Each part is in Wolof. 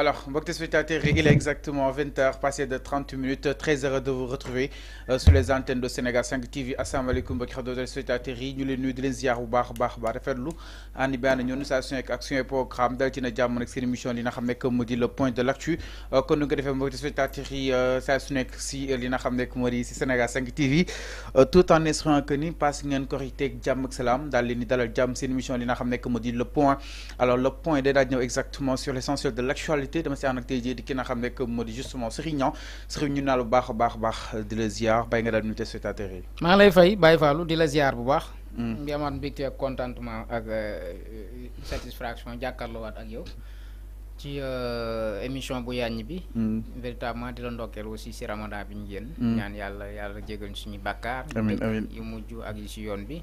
alors mbokk te spectateurs il est exactement 20h, passé de 30 minutes très heureux de vous retrouver euh, sur les antennes de Sénégal 5 TV asalaamaaleykum mbokki xam dootale spectateurs yi ñu leen nuyu di leen ziar bu baax baax baax rafetlu ànd bi ànd ñoonu saa suñu programme dal ci na jàmm nag seen émission li nga xam nekk moo le point de l'actu euh, kon nous nga defee mbokk te spectateurs yi euh, saa su nekk si li nga xam nekk moo Sénégal 5 TV tout en espérant que ni passe ngeen koriteeg jàmm ak salaam daal leen di dalal jàmm seen émission li nga xam nekk moo le point alors le point day daal exactement sur l'essentiel de l'actualité mbégte dama si ànd ak tey jii di ki na xam nekk moo justement Serigne Niang Serigne ñu naa lu baax a baax baax di la ziar bay nga dal ñu téléspectateurs yi. maa ma lay fay bay Fallou di la ziar bu baax. Hmm. di amat mbégte ak contentement ak euh, euh, satisfaction jakarlo wat ak yow. ci euh, émission bu yàññ bi. Hmm. véritablement di la ndokkeel aussi ci ramadan bi ñu génn. Hmm. ñaan yalla yalla jégal suñu bakkar amin amin yu mujj ak ci yoon bi.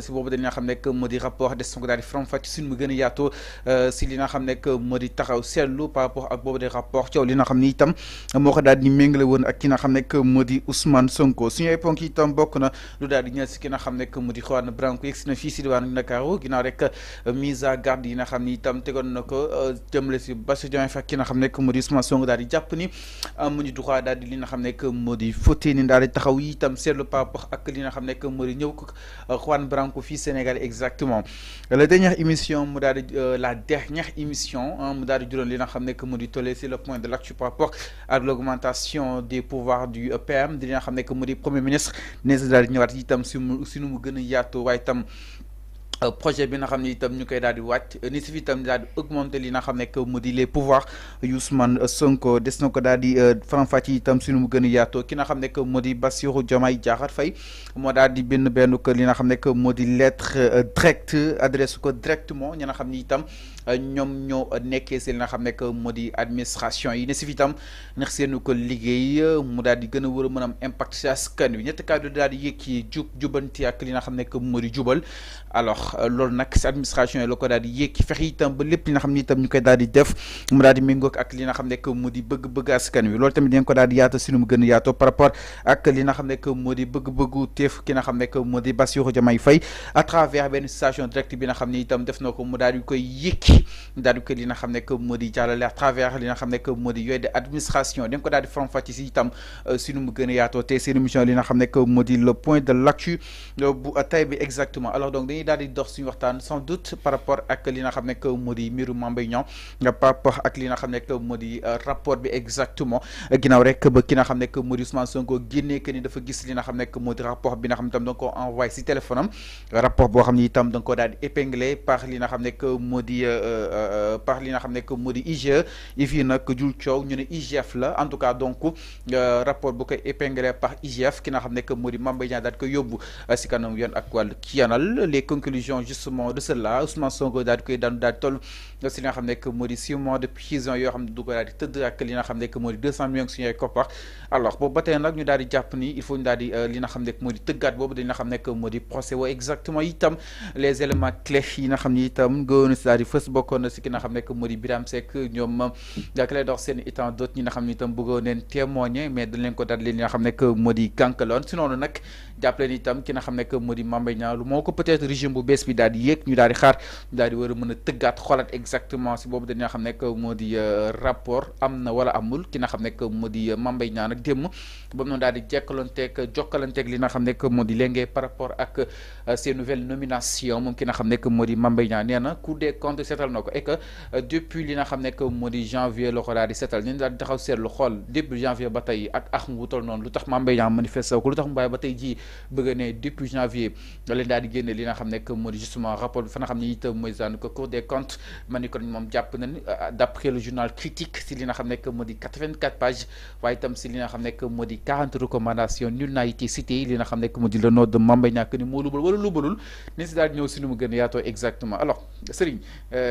si boobu dañu nga xam nekk moo di rapport des sonko daal di faram-fàcc suñu mu gën a yaatu euh, si li nga xam nekk moo di taxaw woon ak ki nga xam moo di Ousmane Sonko suñu ay ponk bokk na lu daal di ñeel xam nekk moo di Juan Branco yegg si na fii si diwaanu Ndakaaru ginnaaw rek euh, mise à garde yi nga xam ni itam na ko euh, jëmale si Bassirou Diomaye Faye ki xam nekk moo di Ousmane Sonko daal di jàpp ni amuñu droit daal di li nga moo di fauté ni daal taxaw itam seetlu par rapport ak li nga xam nekk moo di ñëw Juan Branco au Sénégal exactement la dernière émission euh, la dernière émission hein, que le point de l'actu par rapport à l'augmentation des pouvoirs du euh, PM di que premier ministre si euh, projet bi nga xam itam ñukay daal di wacc ni si fi daal di augmenter li nga xam que mu di les pouvoirs Ousmane Sonko des na ko daal di euh, faram-fàcce itam suñu mu gën a ki nga xam que moo di Bassirou Diomaye Diakhar Fay mo daal di benn benn ko li nga xam que moo di lettre euh, directe adresse ko directement ñi nga xam itam. Euh, ñoom ñoo nekkee si li nga xam ne que moo di administration yi ne si itam ndax seenu ko liggéey mu daal di gën a war a mën am impact si askan wi ñetti kàddu daal di yëg ci jub jubanti ak li nga xam ne que moo di jubal alors euh, loolu nag si administration yi la ko daal di yëg ci fexe itam ba lépp li nga xam ne itam ñu koy daal di def mu daal ak li nga xam ne que moo di bëgg-bëgg askan wi loolu tamit dinañ ko daal di si nu mu gën a yaatoo par ne que moo bëgg-bëggu teef ki na xam ne que moo di Bassirou Diomaye Faye à travers benn station direct bi nga xam ne itam def na ko mu daal di koy yëg daal di ko li nga xam nekk modi di à travers li n'a xam nekk moo di yooyu de administration dañ ko daal di faram fàcce si itam si nu mu gën a yaatoo te seen émission li nga xam nekk modi le point de l'actu bu tay bi exactement alors donc dañuy daal di dox suñu waxtaan sans doute par rapport ak li n'a xam nekk moo di mbiru Mame Mbaye Niang par rapport ak li n'a xam nekk moo di rapport bi exactement ginnaaw rek ba ki nga xam nekk moo di Ousmane Sonko génnee que ni dafa gis li nga xam nekk moo di rapport bi nga xam itam donc nga ko envoyé si téléphone am rapport boo xam ni itam da nga ko épinglé par li n'a xam nekk moo di euh, euh, par li nga xam que modi IGE if nak nag jul ñu né IGF la en tout cas donc euh, rapport bu koy épinglé par IGF ki nga xam que modi di Mame Mbaye ko yobbu di koy kanam yoon ak wal kianal les conclusions justement de cela Ousmane Sonko daal di koy daan daal toll si nga que modi six mois de prison yo xam du ko dal di tëdd ak li nga xam que modi 200 millions suñu ay alors boobu ba nak ñu dal di japp ni il faut ñu dal di li nga xam que modi di bobu dañ nga xam que modi procès wo exactement itam les éléments clés yi nga xam ne itam gëwoon si di fës bokkoon ci ki nga xam que Mody Biram Seck ñoom Clédor Sène itam d'autres ñi nga xam tam itam bëggoon neen témoigner mais dañ leen ko dal li nga xam ne que Mody gànkaloon si nak nag jàppaleen itam ki nga xam que Mody Mame Mbaye Niang lu moo peut-être régime bu bees bi daal yek ñu daal di xaar ñu daal di war mëna mën a tëggaat xoolaat exactement si bobu dañ xam ne que moo euh, rapport amna wala amul ki nga xam que moo di euh, Mame nak dem nag démb ba mu noonu daal di jekkalanteeg jokkalanteeg li nga xam que moo di par rapport ak ces euh, nouvelles nominations moom ki nga xam que moo di Mame Mbaye Niang nee na des comptes setal na ko et que euh, depuis li nga xam que modi janvier la ko setal ni daal taxaw setlu xol depuis janvier batay ak ax mu wutal noonu lu tax Mame Mbaye ko lutax tax batay ji ba ne depuis janvier da leen daal di génne li nga xam que modi justement rapport fa nga xam ne itam mooy daan ko Cour des comptes ma mom japp na jàpp euh, d'après le journal critique si li nga xam que modi 84 pages waaye tam si li nga xam que modi 40 recommandations nul n'a été cité li nga xam que modi le nom de Mame Mbaye Niang ni moo lubal wala lubalul ni si dal di ñëw si nu mu gën a exactement alors Serigne euh,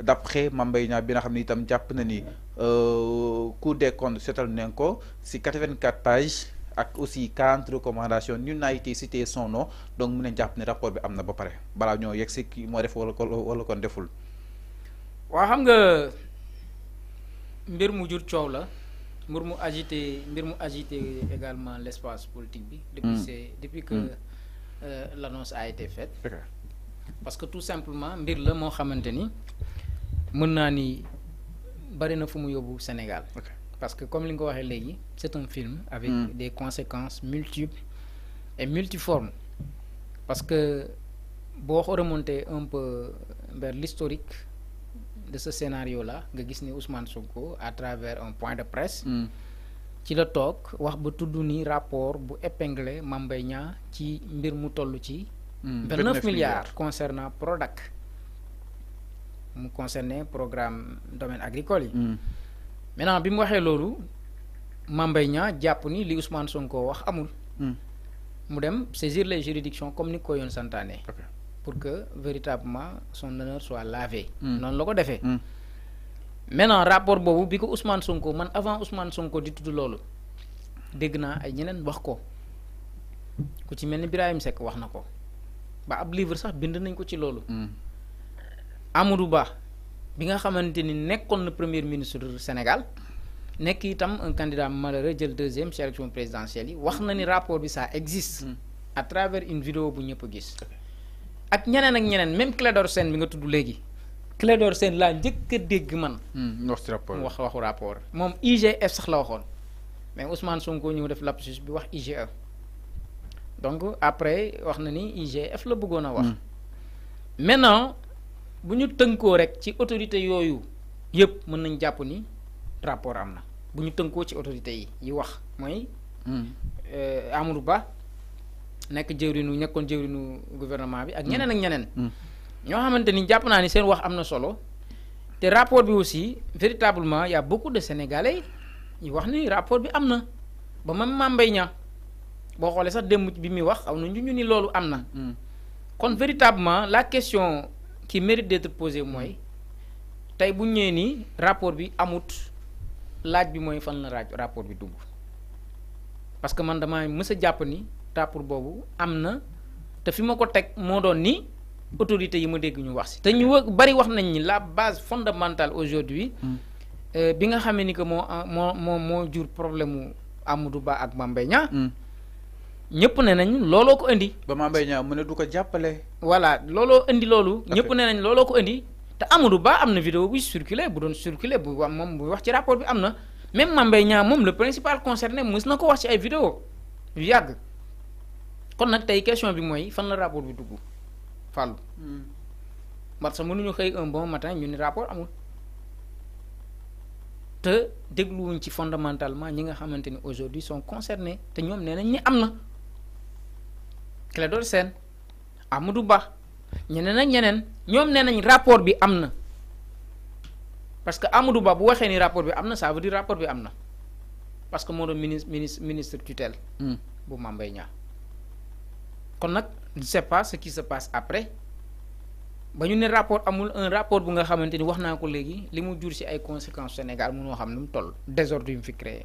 d'après Mame Mbaye bi nga xamni tam japp na ni euh Cour des comptes seetal nañ ko ci 84 pages ak aussi 40 recommandations nul n'a été cité son nom donc mun nañ jàpp ne rapport bi amna ba paré bala ñoo yegg si mo def wala kon wala kon deful. wa xam nga mbir mu jur coow la mbir mu agité mbir mu agité également l'espace politique bi. Hmm. depuis c'est depuis que hmm. euh, l'annonce a été faite. parce que tout simplement mbir la mo xamante ni je suis ni bari na Sénégal. parce que comme li nga dit, c'est un film. avec hmm. des conséquences multiples et multiformes parce que si remonter remonte un peu vers l'historique de ce scénario là nga gis Ousmane Sonko à travers un point de presse. Hmm. ci la toog wax ba tudd ni rapport bu épinglé mambay Mbaye Niang ci mbir mu toll ci. 9 hmm. milliards concernant Prodac mu concerné programme domaine agricole mm. maintenant bi mu waxee loolu Mame Mbaye wa jàpp li Ousmane Sonko wax amul. Mm. mu dem saisir les juridictions comme ni ko yoon pour que véritablement son honneur soit lavé. Mm. non la ko maintenant rapport boobu bi Ousmane Sonko avant Ousmane Sonko di tudd loolu dégg ay ñeneen wax ko ku ni na ba livre sax Amadou Ba bi nga xamante ni nekkoon na premier ministre du Sénégal nekk itam un candidat malheureux jël deuxième ci élection présidentielle yi wax na ni rapport bi ça existe mm. à travers une vidéo bu ñëpp gis ak ñeneen ak ñeneen même Clédor Sène bi nga tudd léegi Clédor Sène laa njëkk a dégg man mm, wax wax waxu rapport moom IGF sax la waxoon mais Ousmane Sonko ñëw def lapsus bi wax IGE donc après wax na ni IGF la bëggoon a wax mm. maintenant bu ñu tënkoo rek ci autorité yooyu yëpp mën nañ jàpp ni rapport am na bu ñu tënkoo ci autorité yi yi wax mooy hmm. euh, Amadou Ba nekk jëwrinu nekkoon jëwrinu gouvernement bi ak ñeneen ak hmm. ñeneen hmm. ñoo xamante ni jàpp naa ni seen wax am na solo te rapport bi aussi véritablement y a beaucoup de yi wax ni rapport bi am na ba même Mame Mbaye boo xoolee sax démb bi muy wax aw na ñu ñu ni loolu am na kon véritablement la question qui mérite d'être posé moi. Tay bu ñëwee rapport bi amut laaj bi mooy fan la rapport bi dugg parce que man dama mës a ni rapport bobu amna te fi ma tek teg moo ni autorité yi ma dégg ñu wax ci te ñu bari wax nañ ni la base fondamentale aujourd'hui hmm. euh, bi nga xamé ni que mo mo mo jur problème Amadou Ba ak Mame ñëpp ne nañ looloo ko indi. ba maa mbay ñaa mu ne du ko jàppale. voilà looloo indi loolu. ñëpp ne nañ looloo ko indi. te Amadou baa am na vidéo buy circulé bu doon circulé bu wax moom bu wax ci rapport bi am na même Mame Mbaye Niang moom le principal concerné mës na ko wax ci ay vidéo yu yàgg kon nag tey question bi mooy fan la rapport bi dugg Fallou. parce hmm. que mënuñu xëy un bon matin ñu ni rapport amul te dégluwuñ ci fondamentalement ñi nga xamante ni aujourd'hui sont concernés te ñoom nee nañ ni am na. Clédor sen Amadou Ba ñeneen ak ñeneen ñom nee rapport bi amna. Pas parce que Amadou Ba bu waxé ni rapport bi amna, ça veut dire rapport bi amna. Pas parce que minis ministre ministre ministre tutelle. Hmm. bu mambe nya. kon nak je sais pas ce qui se passe après ba ñu ne rapport amul un rapport bu nga xamanteni waxna ko léegi limu jur ci ay conséquences Sénégal mënu xam toll désordre yu fi créer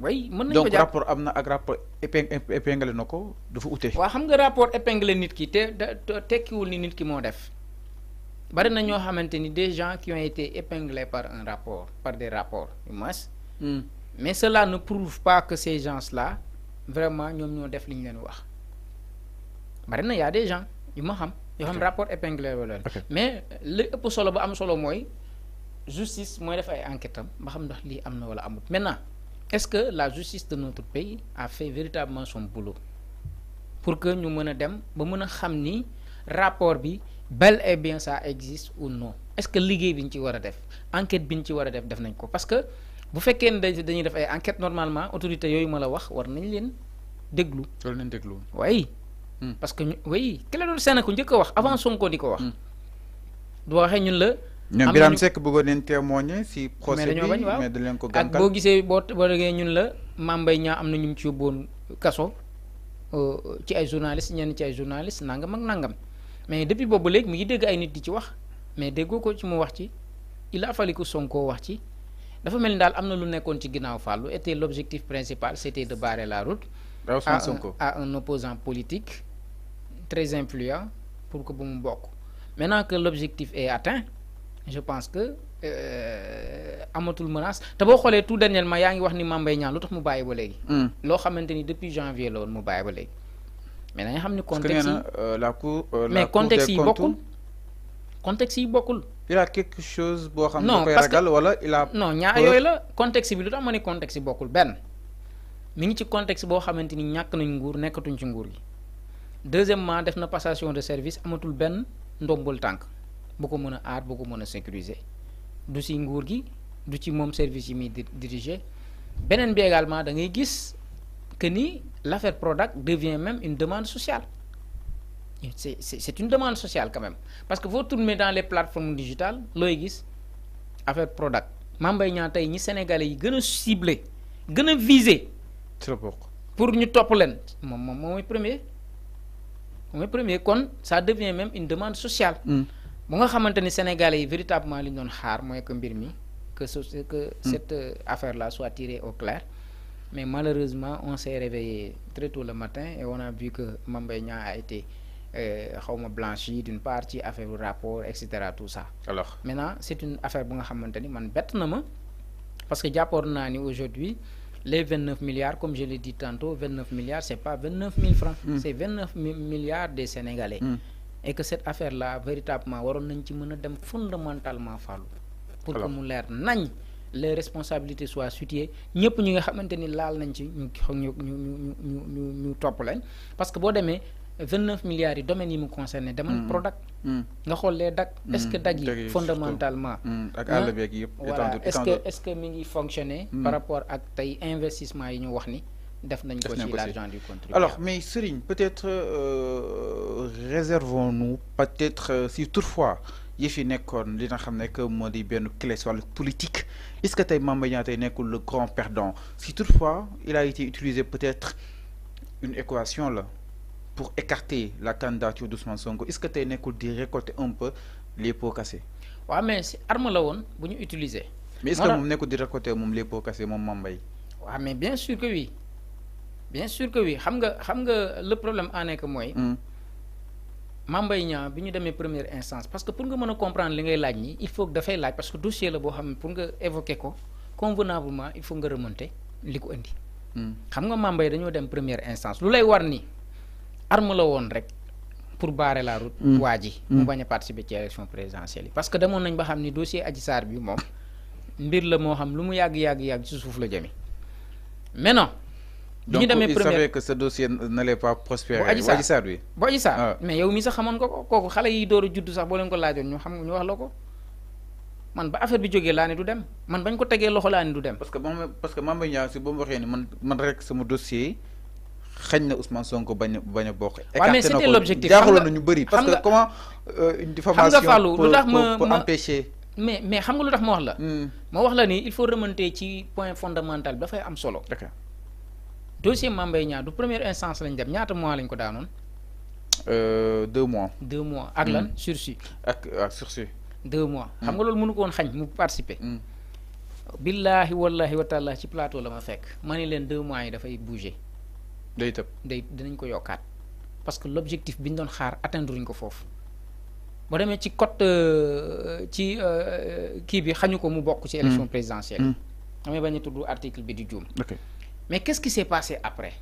way mën nañu ko jàpp donc rapport am na ak rapport épinglé na ko dafa ute. waaw xam nga rapport épinglé nit ki te tekkiwul ni nit ki moo def bari na ñoo xamante ni des gens qui ont été épinglés par un rapport par des rapports du moins. Hmm. mais cela ne prouve pas que ces gens là vraiment ñoom ñoo def li ñu leen wax bari na y a des gens yu ma xam. yoo xam rapport épinglé wala mais li ëpp solo ba am solo mooy justice mooy def ay enquête am ba xam ndax lii am na wala amut maintenant est-ce que la justice de notre pays a fait véritablement son boulot pour que nous puissions a dem ba mën rapport bi bel et bien ça existe ou non est-ce que ligue bi ñu ci war def enquête bi ci war def parce que bu vous qu'un dañuy def enquête normalement autorité yooyu ma la wax war nañ leen déglu. war nañ hmm. parce que oui quelle est la scène seen ko avant hmm. son code ko wax. Hmm. du waxee ñun la. ñoom Birame Seck bëggoon leen témoigner si procès bi mais dañ leen ko gànkal ak boo gisee boo boo déggee ñun la Mame Mbaye Niang am na ñu mu ci yóbboon kaso euh, ci ay journaliste ñeen ci ay journaliste nangam ak nangam mais depuis boobu léegi mu ngi dégg ay nit di ci wax mais déggoo ko ci mu wax ci il a fallu Sonko wax ci dafa mel ni daal am na lu nekkoon ci ginnaaw Fallou était l' objectif principal c' de barrer la route à un, à un opposant politique très influent pour que bu mu bokk maintenant que l' objectif est je pense que euh, amatul menace te boo xoolee tout dernièrement yaa ngi wax ni Mame Mbaye lu tax mu bàyyi ba léegi. Hmm. loo xamante ni depuis janvier la woon mu bàyyi ba léegi. mais da nga xam ni contexte yi euh, la cour euh, mais contexte yi bokkul contexte yi bokkul. il a quelque chose boo xam ne koy wala il a. non ñaar yooyu la contexte bi lu tax ma ni contexte yi bokkul benn mu ngi ci contexte boo xamante ni ñàkk nañ nguur nekkatuñ ci nguur gi deuxièmement def na passation de service amatul benn ndombol tànk. beaucoup moins gens beaucoup moins sécurisé, sécuriser du ci du ci service yi muy diriger également que l'affaire product devient même une demande sociale c'est une demande sociale quand même parce que vous tournez dans les plateformes digitales l'affaire product. affaire product. Mambay Mbaye Niang Sénégal sénégalais yi ciblé gën a visé pour ñu topp mon moom premier premier kon ça devient même une demande sociale mm bu nga sénégalais yi véritablement li ñu xaar que que hmm. cette euh, affaire là soit tirée au clair mais malheureusement on s'est réveillé très tôt le matin et on a vu que Mame a été euh, blanchi d'une partie affaire rapport etc. tout ça. alors maintenant c'est une affaire bu nga xamante ni man parce que jàppoon naa aujourd'hui les 29 milliards comme je l'ai dit tantôt 29 milliards, milliards c'est pas 29 000 francs. Hmm. c'est 29 milliards des sénégalais. Hmm et que cette affaire là véritablement waron nañ fondamentalement fallu pour que les responsabilités soient situées nous ñi nga xamanteni laal nañ ci parce que milliards yi domaine mm. Mm. Mm. est-ce que fondamentalement hein? est-ce que est-ce par rapport à l'investissement investissement yi ñu l'argent du alors mais Serigne peut-être euh, réservons-nous peut-être euh, si toutefois Il y a une école, xam que politique est-ce que tu as Mbaye le grand perdant si toutefois il a été utilisé peut-être une équation là pour écarter la candidature d'Ousmane Sonko est-ce que as nekkul di récolter un peu les pots cassés. Oui, mais c'est arme la on utilisé mais est-ce que moom nekkul di récolter moom les pots cassés moom Mambaye mais bien sûr que oui bien sûr que oui le problème en est que moi hmm. Mame Mbaye venu de première instance parce que pour que je comprendre li il faut que dafay laaj parce que dossier pour évoquer ko convenablement il faut que remonter li Je indi. Hmm. xam nga Mame Mbaye dans première instance lu lay war ni arme la rek pour barrer la route. Hmm. waa ji mu bañ participer ci élection présidentielle parce que demoon nañ ba dossier Adji Sarr bi mom mbir la mo xam lu mais non bi ñu demee première savait que ce dossier n'allait pas prospérer. bu Adji Sarr bi bu Adji Sarr ah. mais yow mi sax xamone ko ko xalé yi door a juddu sax bo len ko laajoon ñu xam ñu wax lako. man ba affaire bi joggé laa ne du dem man bañ ko téggé loxo laa ne du dem. parce que moom parce que Mame Mbaye Niang si ba mu waxee ni man man rek sama dossier xagn na Ousmane Sonko bañ bañ a bokk. waaw mais c'était l'objectif jaaxaloon na ñu bëri. parce que comment euh, une diffamation. xam nga Fallou lu tax ma pour mais mais xam nga lu tax ma wax la. Hmm. ma wax la ni il faut remonter ci point fondamental bi fay am solo. D'accord dossier Mame Mbaye du première instance lañ dem ñaata mois lañ ko euh 2 mois. 2 mois ak lan mm. sursis. ak ak sursis. 2 mois. Mm. xam nga loolu mënu ko won xagn mu participer. Mm. billahi wallahi wa taala ci plateau la ma fekk ma ne leen mois yi da fay bouger. day tëb day dinañ ko yokkat parce que l'objectif biñ bi doon xaar atteindre ñu ko foofu. bo demee ci cote euh, ci euh, euh, ki bi xañu ko mu bok ci élection présidentielle. amé bañ a article bi di juum. Mais qu'est-ce qui s'est passé après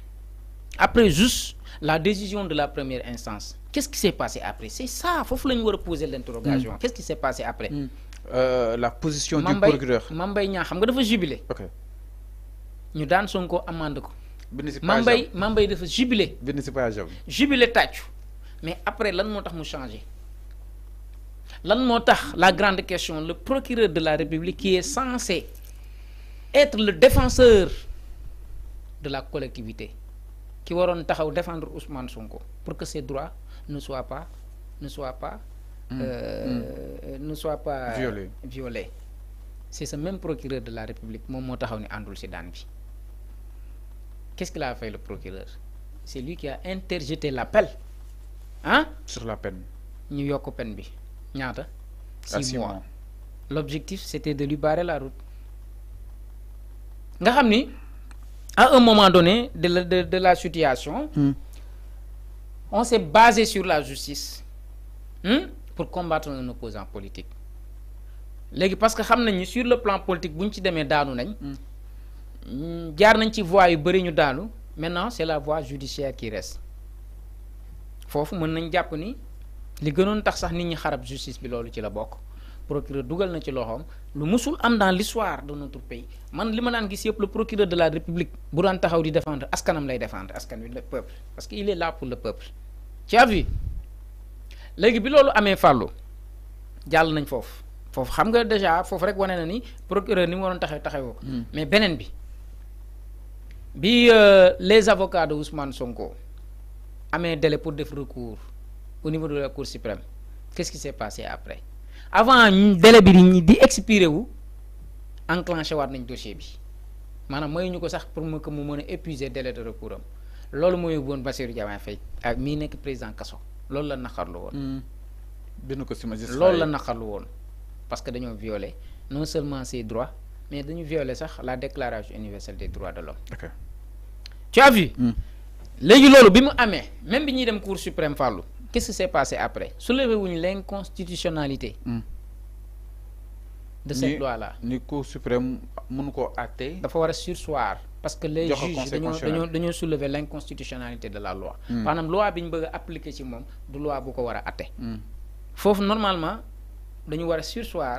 Après juste la décision de la première instance. Qu'est-ce qui s'est passé après C'est ça, il faut que nous reposer l'interrogation. Mm. Qu'est-ce qui s'est passé après mm. euh, La position du procureur. Mambay Nia, vous jubiler. Ok. Nous dansons ko amende ko. Mambay Mambay devait jubiler. Jubiler tâche. Mais après, l'an nous changé. L'an la grande question, le procureur de la République qui est censé être le défenseur de la collectivité qui waroon défendre Ousmane Sonko pour que ses droits ne soient pas ne soient pas. Hmm. Euh, hmm. ne soient pas violés. C'est ce même procureur de la République mon mot taxaw ni qu'est-ce qu'il a fait le procureur c'est lui qui a interjeté l'appel hein sur la peine. ñu yokk peine bi ñaata. mois l'objectif c'était de lui barrer la route nga à un moment donné de la, situation, hmm. on s'est basé sur la justice hmm, pour combattre un opposant politique. parce que sur le plan politique nous avons ci des daanu nañ. Hmm. voie yu maintenant c'est la voie judiciaire qui reste Il faut que nous ni li tax sax nit justice bi la procureur dougal na ci loxoom lu musul am dans l'histoire de notre pays man li ma daan gis yëpp le procureur de la république bu daan taxaw di défendre askanam lay défendre askan wi le peuple parce qu'il est là pour le peuple tu as vu léegi bi lolou amé fallo. jàll nañ foofu foofu xam nga déjà foofu rek woné na ni procureur ni mo won taxaw taxawoo ko hmm. mais benen bi bi euh, les avocats de Ousmane Sonko amé délai pour def recours au niveau de la Cour suprême qu'est-ce qui s'est passé après avant délai bi di wu enclenché wat dossier bi manam mayu ñuko pour que délai de recours lolu moy président kaso lolu la naxarlu won hmm. bin ko si magistrat lolu la parce que dañu violé non seulement ses droits mais dañu violé la déclaration universelle des droits de l'homme tu as vu. Hmm. légui que bimu amé même bi dem cour suprême qu'est-ce qui s'est passé après Soulevez-vous l'inconstitutionnalité hmm. de cette loi-là. Le Cour suprême ne peut Il faut sursoir. Parce que les juges ont soulevé l'inconstitutionnalité de la loi. Par exemple, la loi qui est appliquer sur moi, la loi qui est actée. Il Faut, normalement, nous soir. sursoir.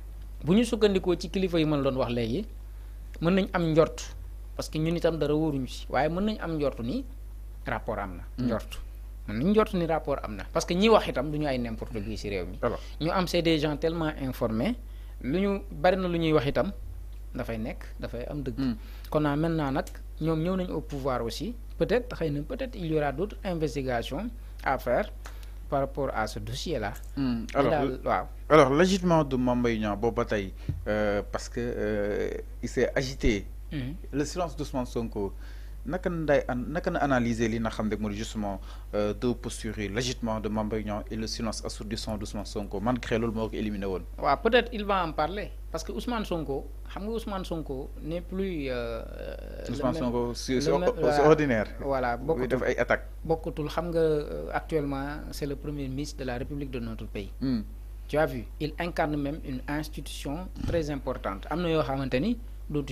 bu ñu sukkandikoo ci kilifa yi mën doon wax léegi mën nañ am njort parce que ñun itam dara waruñu si waaye mën nañ am njort ni rapport am na. Hmm. njort mën nañ njort ni rapport am na. parce que ñi wax itam du ñu ay n'importe qui si réew mi. ñu am c'est des gens tellement lu ñu bari na lu ñuy wax itam dafay nekk dafay am dëgg. Hmm. kon naa maintenant nag ñoom ñëw nañ au pouvoir aussi peut-être xëy na peut-être il y aura d'autres par rapport à ce dossier-là. Hmm. Alors, le, wow. alors l'agitement de Mambay Niang, bataille, euh, parce que euh, il s'est agité. Hmm. Le silence d'Ousmane Sonko, n'a analysé justement euh, deux postures, l'agitement de Mambay Niang et le silence assourdissant d'Ousmane Sonko. Malgré le éliminé. Ouais, Peut-être il va en parler parce que Ousmane Sonko Ousmane Sonko n'est plus. Euh, euh, Ousmane Sonko c'est ordinaire. voilà beaucoup def euh, actuellement c'est le premier ministre de la République de notre pays. Hmm. tu as vu il incarne même une institution très importante Amna yo xamanteni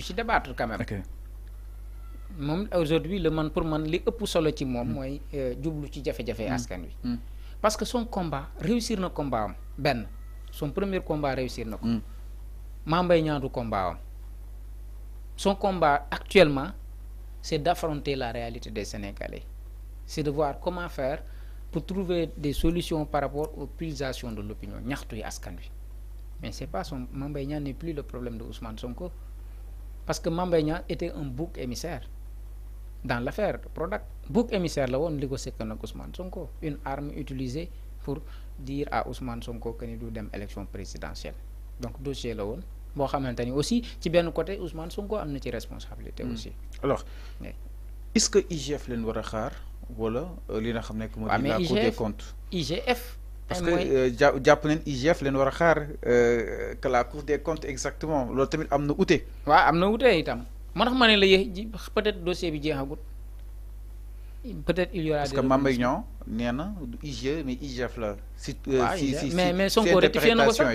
ci débattre quand même. aujourd'hui le man pour man li ëpp solo ci mom hmm. moy djublu ci hmm. askan wi. parce que son combat réussir nos combat ben, son premier combat réussir na combat son combat actuellement c'est d'affronter la réalité des Sénégalais c'est de voir comment faire pour trouver des solutions par rapport aux pulsations de l'opinion ñaxtu mais c'est pas son n'est plus le problème de Ousmane Sonko parce que Mame était un bouc émissaire dans l'affaire product bouc émissaire là on on négocie Ousmane Sonko une arme utilisée pour dire à Ousmane Sonko qu'il doit du dem élection présidentielle donc dossier la won boo xamante aussi ci ben côté Ousmane Sonko amna ci responsabilité hmm. aussi. alors est-ce que IGF len wara xaar wala euh, li nga xamné ne. moo di la Cour des comptes IGF. parce eh, que euh, jàpp nañ IGF len wara xaar euh, que la Cour des comptes exactement loolu tamit amna outé wa amna outé itam moo tax ma la peut-être dossier bi jeexagut. peut-être il y aura. parce que Mame Mbaye Niang IG mais IGF la. si euh, si si mais mais Sonko rectifié na ko sax.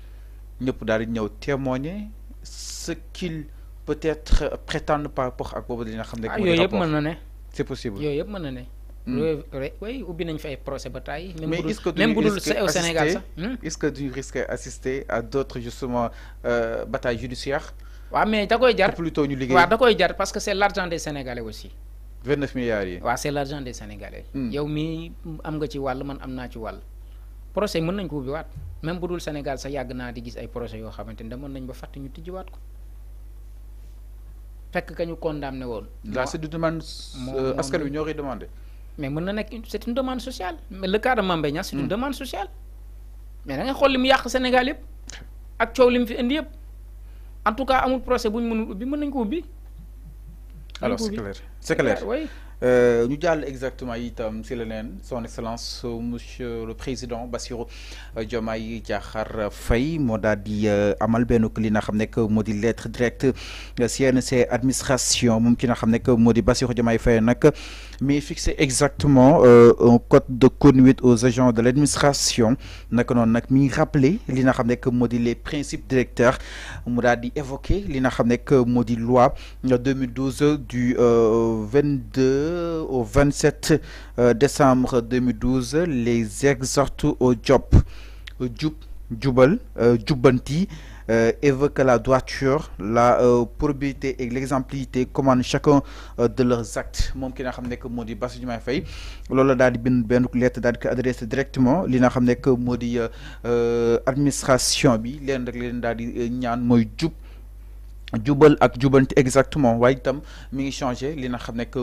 nous pouvons témoigner ce qu'il peut-être prétendre par rapport à ce que c'est possible hmm. procès bataille. Mais est-ce que tu risques d'assister à d'autres justement euh, batailles judiciaires. Oui, mais plutôt parce que c'est l'argent des Sénégalais aussi. 29 milliards c'est l'argent des Sénégalais. Hmm. am man procès mën nañ ko ubbiwaat même bu dul Sénégal sa yàgg naa di gis ay procès yoo xamante ni mën nañ ba fàtte ñu tijjiwaat ko fekk ka ñu condamné woon. là c'est une demande euh, askan wi ñoo koy demandé. mais mën na nekk c'est une demande social mais le cas de Mame Mbaye Niang c'est une hmm. demande sociale mais da ngay xool li mu yàq Sénégal yëpp ak coow li mu fi indi yëpp en tout cas amul procès bu ñu mënul ubbi mën nañ ko ubbi. alors c'est clair c'est clair oui. Euh, nous allons exactement itam M. son excellence euh, monsieur le président Bassirou euh, Diomaye Diakhar Fay, qui a amal lettre directe CNC administration ki mais fixé exactement un code de conduite aux agents de l'administration administration non nak mi les principes directeurs mu évoqué li loi 2012 du 22 au 27 euh, décembre 2012 les exhortes au job. Job, jubal, euh, jubanti euh, évoque la droiture, la probité et l'exemplité commandent chacun de leurs actes Mon ki n'a pas de di ma Diomaye dadi daal di directement li nga administration bi double ak double exactement way tam mi ngi changer li nga xam que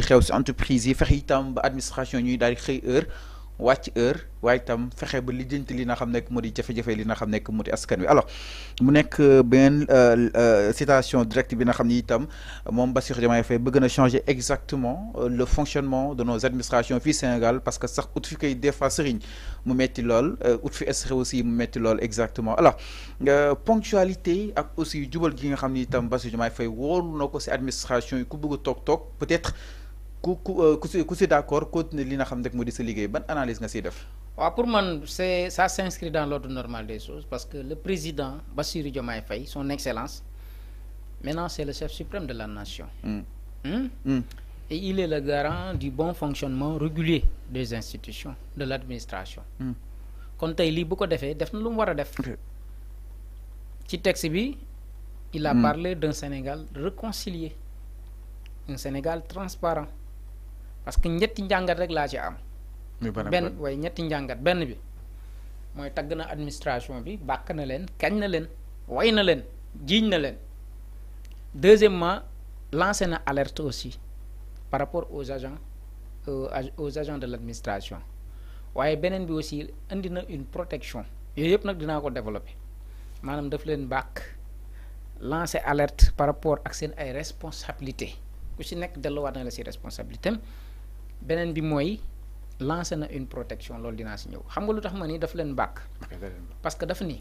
xew ci entreprise yi fexe itam ba administration ñuy dal xey heure wacc heure waaye itam fexe ba lijjanti li nga xam nekk moo di jafe-jafe li nga xam nekk moo di askan wi alors mu nekk euh, beneen euh, euh, citation directe bi nga xam ni itam moom Bassir Diomaye Faye bëgg na changer exactement le fonctionnement de nos administrations fii Sénégal parce que sax ut fi koy des fois sëriñ mu metti lool ut fi aussi mu metti lool exactement alors ponctualité ak aussi jubal gi nga xam ni itam Bassir Diomaye Faye wóolu na ko si administration yi ku bëgg a toog toog peut-être vous euh, êtes d'accord avec li que xam avez moo Quelle analyse pour moi, ça s'inscrit dans l'ordre normal des choses parce que le président Bassirou Diomaye son excellence maintenant c'est le chef suprême de la nation. Hmm. Hmm? Hmm. Et il est le garant du bon fonctionnement régulier des institutions de l'administration. Quand il lit beaucoup ko il def na lu mu texte il a parlé d'un Sénégal réconcilié un Sénégal transparent parce que ñetti njàngat rek la ci am. Ben, way ñetti njàngat Ben bi moy tagg na administration bi bak na len kañ na len way na leen jiiñ na len deuxièmement lancer na alerte aussi par rapport aux agents euh, aux agents de l'administration waye benen bi aussi indi na une protection yooyu nak dina ko développer manam daf leen bak lancer alerte par rapport ak sen ay responsabilités ku si nekk delluwaat na la si responsabilité benen bi mooy lancé une protection loolu dinaa si ñëw xam nga lu tax ni daf leen parce que daf ni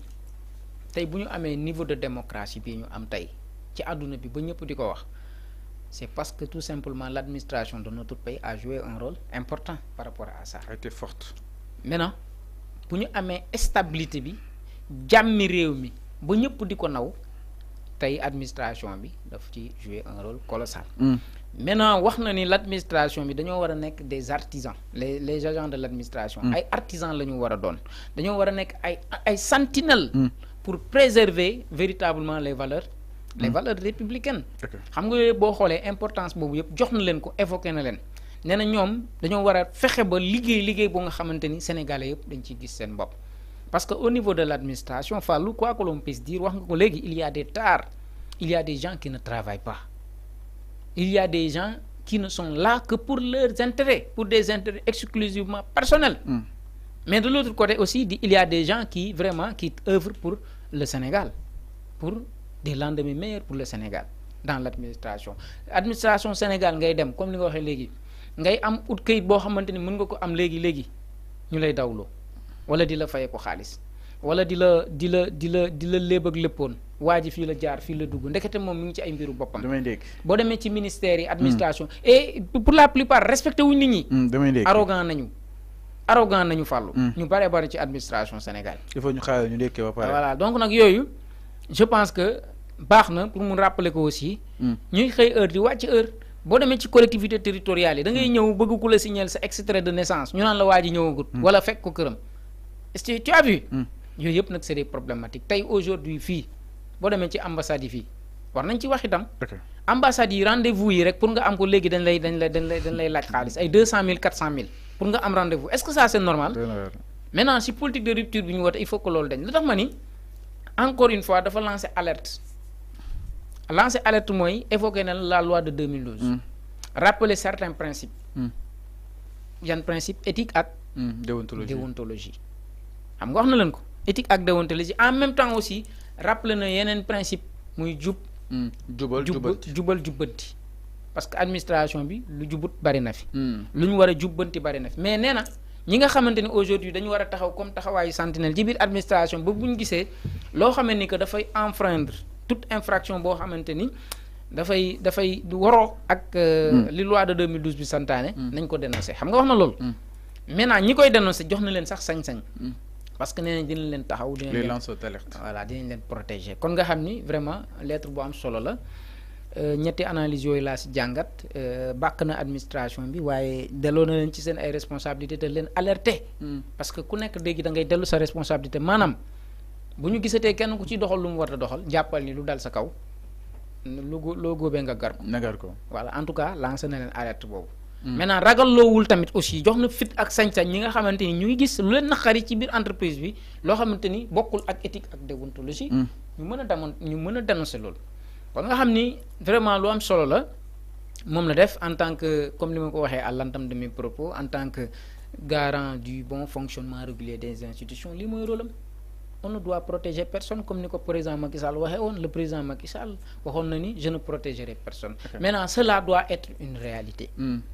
tey bu ñu niveau de démocratie bii ñu am tey ci àdduna bi ba ñëpp di c'est parce que tout simplement l'administration de notre pays a joué un rôle important par rapport à ça. a été forte. maintenant bu ñu amee stabilité bi jàmmi réew mi ba ñëpp di ko naw tey administration bi daf ci jouer un rôle colossal. Hmm maintenant wax na ni l'administration bi wara nek des artisans les les agents de l'administration, hmm. ay artisans lañu wara war a doon dañoo war ay ay sentinelles. Hmm. pour préserver véritablement les valeurs. les hmm. valeurs républicaines. xam nga bo xolé importance bobu yëpp jox na len ko évoquer na len. nee ñom ñoom wara fexé ba liggéey liggéey bo nga xamanteni sénégalais dañ ci gis sen bop. parce que au niveau de l'administration, fallu quoi que l'on puisse dire wax nga ko légui, il y a des tares il y a des gens qui ne travaillent pas il y a des gens qui ne sont là que pour leurs intérêts, pour des intérêts exclusivement personnels. Hmm. Mais de l'autre côté aussi, il y a des gens qui vraiment qui œuvrent pour le Sénégal, pour des lendemains meilleurs pour le Sénégal dans l'administration. Administration Sénégal ngay dem comme li nga dit, léegi ngay am out kayit bo xamanteni mën nga ko am légui légui ñu lay de wala dila la ko xaalis wala dila la dila la di la la waji fi la jaar fi la dugg ndekete mom mi ngi ci ay mbiru bopam damay dégg boo demee ci ministère yi. Hmm. administration et pour la plupart respecté wuñ nit ñi. Hmm, damay dégg arrogant nañu. arrogant nañu fallu hmm. ñu bare bare ci administration Sénégal. il faut ñu xaaral ñu dékkee ba paré voilà donc nak yoyu je pense que baxna pour mu rappeler ko aussi. ñuy xey heure di wacc heure. bo demé ci collectivité territoriale da ngay ñëw bëgg ku la signaler sa extrait de naissance ñu nan la waji ji ñëwagut. wala fekk ko kërëm est-ce que tu as vu. yooyu yëpp nag c'est des problématiques tay aujourd'hui fi bo demé ci ambassade war rendez-vous pour nga am ko légui dañ lay dañ pour rendez-vous est-ce que ça c'est normal. maintenant si politique de rupture il faut que dañ encore une fois dafa lancer alerte lancer alerte moy évoquer la loi de 2012. Hmm. rappeler certains principes. Hmm. yan principe éthique ak. Hmm. déontologie déontologie xam nga wax éthique ak déontologie en même temps aussi. rappelé na yeneen principe muy jub. Hmm. jubal jubbanti jubal jubbanti parce que administration bi lu jubut bari na fi. Hmm. lu ñu war a jubanti bari na fi mais nee na ñi nga xamante ni aujourd'hui dañu war a taxaw comme taxawaayu sentinelle ci biir administration ba bu ñu gisee loo xamante ni que dafay enfreindre tout infraction boo xamante ni dafay dafay waroo ak. Euh, hmm. li loi de 2012 bi santaane. nañ ko dénoncé xam nga wax na loolu. maintenant ñi koy dénoncé jox na leen sax sañ-sañ. parce que nous allons dinañ taxaw. dinañ leen les lanceurs d'alerte. voilà dinañ leen protéger kon nga xamni vraiment lettre bu am solo la euh, ñetti analyse yooyu laa si jàngat euh, bàkk na administration bi waye delo na len ci sen ay responsabilité te len alerter. Hmm. parce que ku nek degi da ngay delu sa responsabilité manam buñu ñu kenn ku ci doxal lu mu war doxal jappal ni lu dal sa kaw lu loo góobee nga gar nga gar ko voilà en tout cas lancé na len alerte bobu Mm. maintenant ragalloowul tamit aussi jox na fit ak sañ-sañ ñi nga xamante ni ñu ngi gis lu leen naqari ci biir entreprise bi loo xamante ni bokkul ak éthique ak déontologie. Mm. ñu mën a demoon ñu mën a dénoncer loolu. kon nga xam ni vraiment lu am solo la moom la def en tant que comme ni ma ko waxee à l'entame de mes propos en tant que garant du bon fonctionnement régulier des institutions lii mooy rôle on ne doit protéger personne comme ni ko président Macky Sall waxee woon le président Macky Sall waxoon na ni je ne protégerai personne. maintenant cela doit être une réalité. Mm.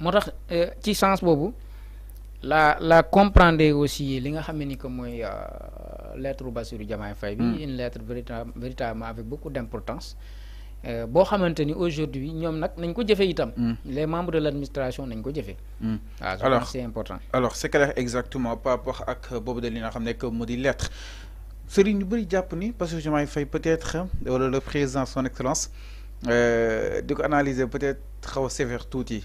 motax euh, ci sens bobu la la comprendre aussi li nga xam que la euh, lettre de Diomaye Faye bi hmm. une lettre véritablement avec beaucoup d'importance euh, boo xamante maintenue aujourd'hui ñom nak nañ ko jëfé itam. Hmm. les membres de l'administration nañ ko jëfé hmm. ah, alors c'est important. alors c'est clair exactement par rapport ak bobu de li nga dit que modi lettre sur ñu bëri ni parce que Diomaye Faye peut-être le président son excellence euh analyser peut-être xaw a sévère tuuti.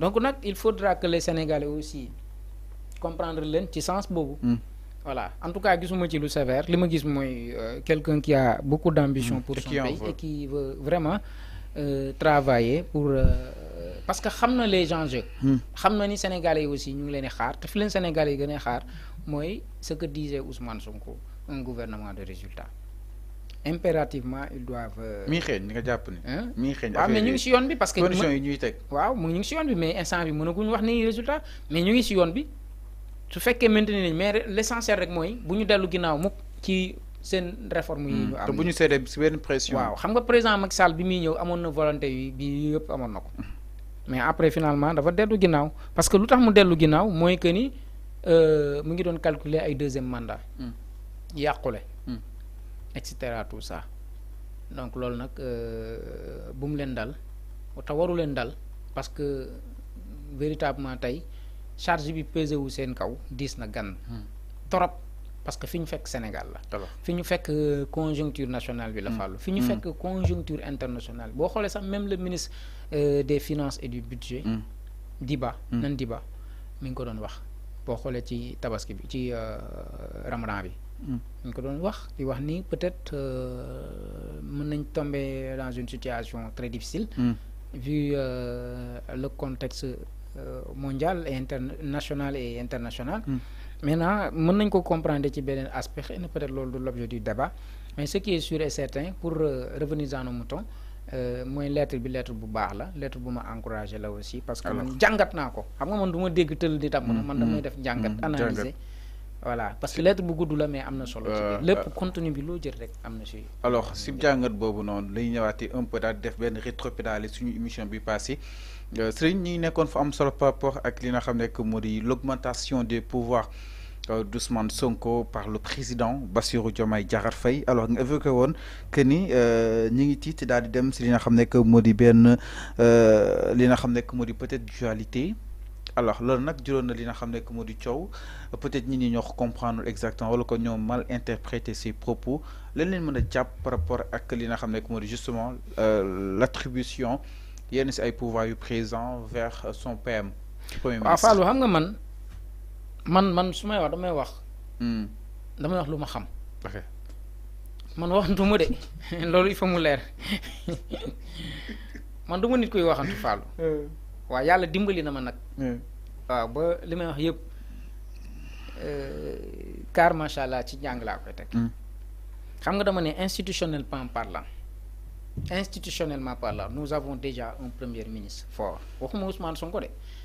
donc il faudra que les sénégalais aussi comprennent l'un ci sens hmm. voilà en tout cas gisuma ci lu sévère lima moy euh, quelqu'un qui a beaucoup d'ambition hmm. pour son pays et qui veut vraiment euh, travailler pour euh, parce que xamna les enjeux hmm. xam na ni sénégalais aussi ñu ngi leen xaar te fi sénégalais yi xaar ce que disait Ousmane Sonko un gouvernement de résultats impérativement ils doivent. Euh, mi xéñ ni nga jàpp ni. Hein? mi ngi xeeñ waaw mais ñu ngi si yoon bi parce que. conditions yi ñuy teg. waaw mu ngi si yoon bi mais instant bi mënaguñu wax ni résultat mais ñu ngi ci yoon bi su fekkee maintenir nañ mais l'essentiel rek mooy bu ñu dellu ginnaaw mukk ci seen réforme yi. ñu hmm. am te bu ñu seetee si benn pression. waaw xam nga président Macky Sall bi muy ñëw amoon na volonté yi bi yëpp amoon na ko mais après finalement dafa dellu ginnaaw parce que lu tax mu dellu ginnaaw mooy que ni euh, mu ngi doon calculer ay deuxième mandat hmm. yàqule. Etc. tout ça donc lol, nak, euh, bu l'endal, ou dal te waru dal parce que véritablement tay, charge bi pesé wu sen kaw diis na gan. Hmm. torop parce que fi ñu fekk Sénégal la. fi ñu fekk euh, conjoncture nationale bi la hmm. fallo. fi ñu hmm. fekk conjoncture internationale Bo xoolee sax même le ministre euh, des finances et du budget. Diba nan Diba mi ngi ko don wax Bo xoolee ci tabaski bi ci ramadan bi nous allons voir, wax di wax peut-être euh, mën nañ tomber dans une situation très difficile. Hmm. vu euh, le contexte euh, mondial et international et international. Hmm. maintenant mën nañ ko comprendre ci beneen aspect et peut-être loolu du l'objet du débat mais ce qui est sûr et certain pour revenir à nos moutons moi lettre bi lettre bu baax la lettre bu ma encourager la aussi. parce que man pas, naa ko xam nga man du ma dégg tël di tam. Hmm, man damay def jàngat analyser voilà parce que lettre bu gudd la mais am solo. ci euh, lépp euh, contenu bi loo jël rek am na alors si jàngat boobu noonu lay ñëwaatee un peu daal def benn rétropédale suñu émission bi passé euh, sëriñ ñi nekkoon fa am solo par rapport ak li nga xam ne l'augmentation des pouvoirs d'Ousmane Sonko par le président Bassirou Diomaye Diakhar Faye alors nga évoqué woon que ni ñi ngi tiit daal di dem si nga xam ne que moo di benn li nga xam ne peut-être dualité alors lors nag juróon na li na xamne ko modi ciow peut-être ñi ñi comprendre exactement wala ko ñoo mal interpréter ses propos lañ leen mëna a par rapport ak li na xamne ko modi justement euh, l'attribution yenn ci ay pouvoir yu présent vers son PM premier ah, ministre waaw xam nga man man man su may wax damay wax hmm. damay wax lu ma xam man wax duma de loolu il faut mu leer man duma nit koy waxantu Fallou hmm. waaw yàlla dimbali na ma nag hmm. Euh, car machallah, hmm. institutionnellement parlant institutionnellement parlant nous avons déjà un premier ministre fort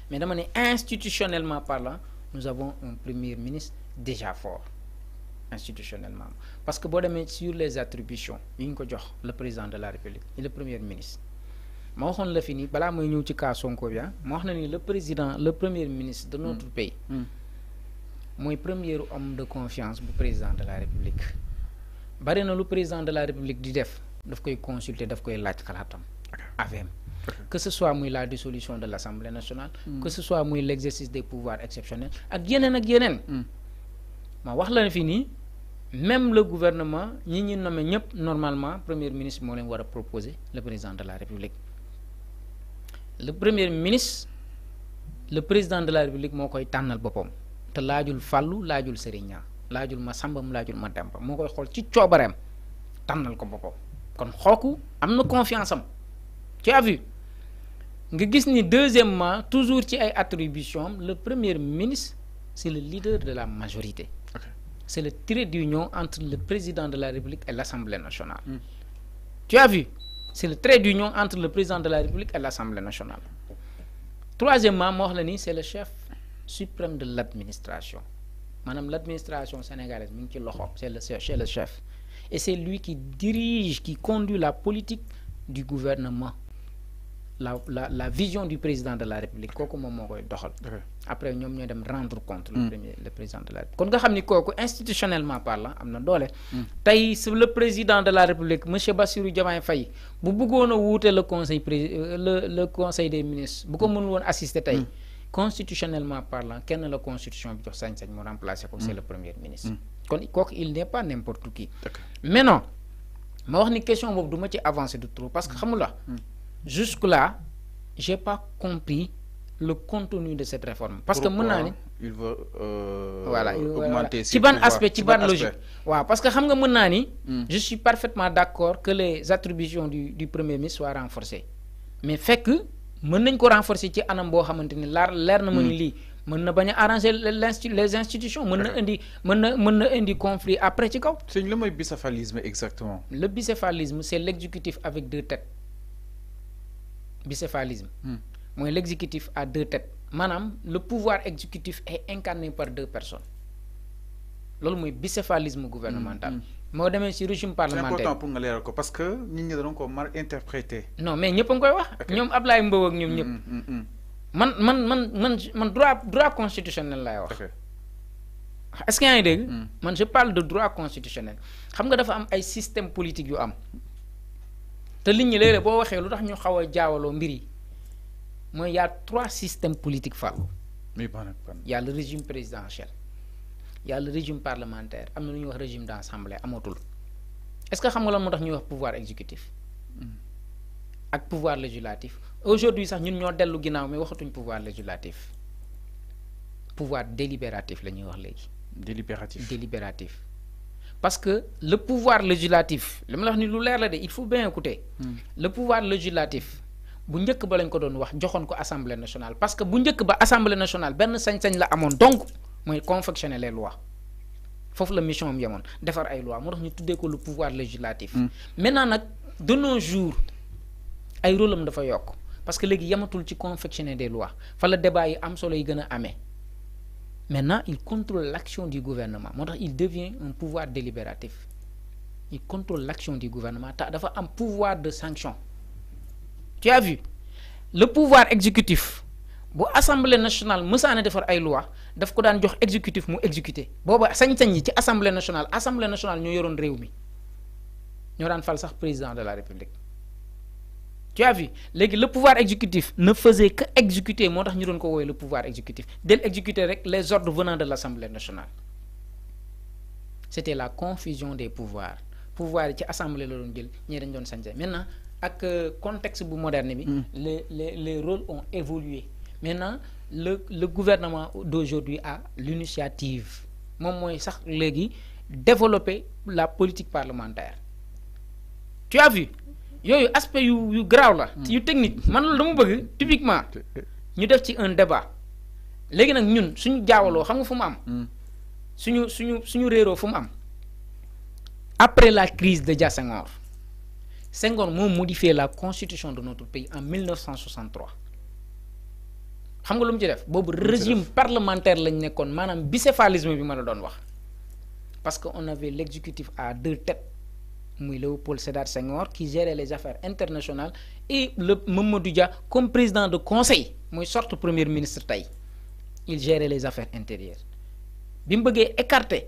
mais institutionnellement parlant nous avons un premier ministre déjà fort institutionnellement parce que sur les attributions le président de la république et le premier ministre. Je la fini, Sonko ah, le président le premier ministre de notre hmm. pays le hmm. premier homme de confiance du président de la république bari na le président de la république di def daf consulter daf koy que ce soit la dissolution de l'Assemblée nationale hmm. que ce soit l'exercice des pouvoirs exceptionnels ak ak ma même le gouvernement ñi ñu normalement premier ministre proposé proposer le président de la république le premier ministre le président de la république moo tanal bopom boppam te laajul fàllu laajul sëriñ ñaa laajul ma sàmbam laajul ma demba moo koy xool ci coobareem tanal ko bopom kon xoku amna confiance am as vu? nga gis ni deuxièmement toujours ci ay attribution le premier ministre c'est le leader de la majorité c'est le trait d'union entre le président de la république et l'assemblée nationale hmm. tu as vu c'est le trait d'union entre le président de la République et l'Assemblée nationale troisièmement Mohleni, c'est le chef suprême de l'administration Madame l'administration sénégalaise c'est le c'est le chef et c'est lui qui dirige qui conduit la politique du gouvernement la la la vision du président de la république comment on moo koy après on va rendre compte. le hmm. premier le président de la république kon nga institutionnellement parlant am na doole. Hmm. le président de la république monsieur Bassirou Diomaye Faye bu on a le conseil euh, le le conseil des ministres bu ko mënul woon assister hmm. constitutionnellement parlant est la constitution qui jox sañ-sañ remplacer c'est le premier ministre. kon il n'est pas n'importe qui. mais non ma wax ni question boobu du avancer de trop parce que là Jusque-là, je n'ai pas compris le contenu de cette réforme. Parce Pourquoi que maintenant... Il veut euh, voilà, il, augmenter ses voilà. pouvoirs. aspect, aspect. logique. Ouais, parce que mm. je suis parfaitement d'accord que les attributions du, du Premier ministre soient renforcées. Mais fait que, mën nañ ko renforcer ci anam boo xamante ni laar leer na ma hmm. a arranger les institutions mën na indi mën na indi conflit après ci kaw sëñ le mooy bicéphalisme exactement le bicéphalisme c'est l'exécutif avec deux têtes bicéphalisme. Hmm. l'exécutif a deux têtes Madame, le pouvoir exécutif est incarné par deux personnes C'est le bicéphalisme gouvernemental. parlementaire hmm, hmm. c'est important pour nga parce que nous ñi mal interpréter. non mais nous, ne pouvons pas. Nous Ablaye droit constitutionnel est-ce qu'il y a une je parle de droit constitutionnel xam nga dafa am système politique il y' a trois systèmes politiques Il y' a le régime présidentiel y' le régime parlementaire am régime d'assemblée, est ce que xam nga lan moo tax pouvoir exécutif hmm. ak pouvoir législatif aujourd'hui sax ñun ñoo mais pouvoir législatif pouvoir délibératif la ñuy wax léegi. délibératif délibératif parce que le pouvoir législatif le la ni lu leer la de il faut bien écouter hmm. le pouvoir législatif bu ñëk ba lañ ko doon wax joxoon ko assemblée nationale parce que bu ñëk ba assemblée nationale ben sañ-sañ la amone donc moy confectionner les lois fofu la mission am yamone défar ay lois moo tax ñu tuddé ko le pouvoir législatif hmm. maintenant nak de nos jours ay rôle am dafa yok parce que légui yamatul ci confectionner des lois fa la débat yi am solo yi gëna amé Maintenant, il contrôle l'action du gouvernement. Il devient un pouvoir délibératif. Il contrôle l'action du gouvernement. Il a un pouvoir de sanction. Tu as vu Le pouvoir exécutif. Si l'Assemblée nationale a fait des lois, il a un exécutif pour exécuter. Si l'Assemblée nationale, l'Assemblée nationale, nous avons réuni. Nous fait le président de la République tu as vu le pouvoir exécutif ne faisait que exécuter le pouvoir exécutif les ordres venant de l'Assemblée nationale c'était la confusion des pouvoirs pouvoir pouvoirs ci assemblée euh, contexte moderne mm. les rôles ont évolué maintenant le gouvernement d'aujourd'hui a l'initiative de développer la politique parlementaire tu as vu yooyu aspect yu yu grave la. Hmm. yu technique man lu dama bëgg typiquement ñu def ci un débat léegi nag ñun suñu jaawaloo xam nga fu mu am. Hmm. suñu suñu suñu réeroo fu mu am après la crise de Dia Senghor Senghor moo modifié la constitution de notre pays en 1963 xam nga lu mu ci def boobu régime parlementaire lañ nekkoon maanaam bicéphalisme bi ma la doon wax parce que on avait l'exécutif à deux têtes muy Paul Sédar Senghor qui gérait les affaires internationales et le Mamadou comme président de conseil sorte premier ministre il gérait les affaires intérieures bim écarté, écarté écarter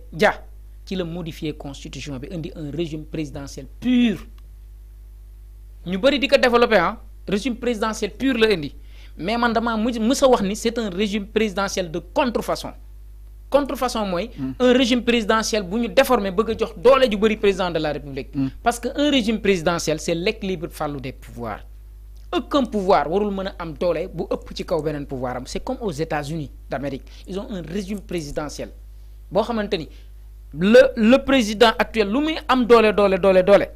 Dia modifié la constitution un régime présidentiel pur ñu bari di ko développé un ah. régime présidentiel pur le indi mais man mandat mujj c'est un régime présidentiel de contrefaçon contrefaçon mooy. Hmm. un régime présidentiel bu ñu déformer, bëgg jox doole ju bari président de la république. Hmm. parce que un régime présidentiel C'est l'équilibre fallu des pouvoirs. aucun pouvoir warul mëna a am doole bu ëpp ci kaw un pouvoir C'est comme aux États-Unis d'Amérique ils ont un régime présidentiel bo xamanteni le le président actuel lu muy am doole doole doole doole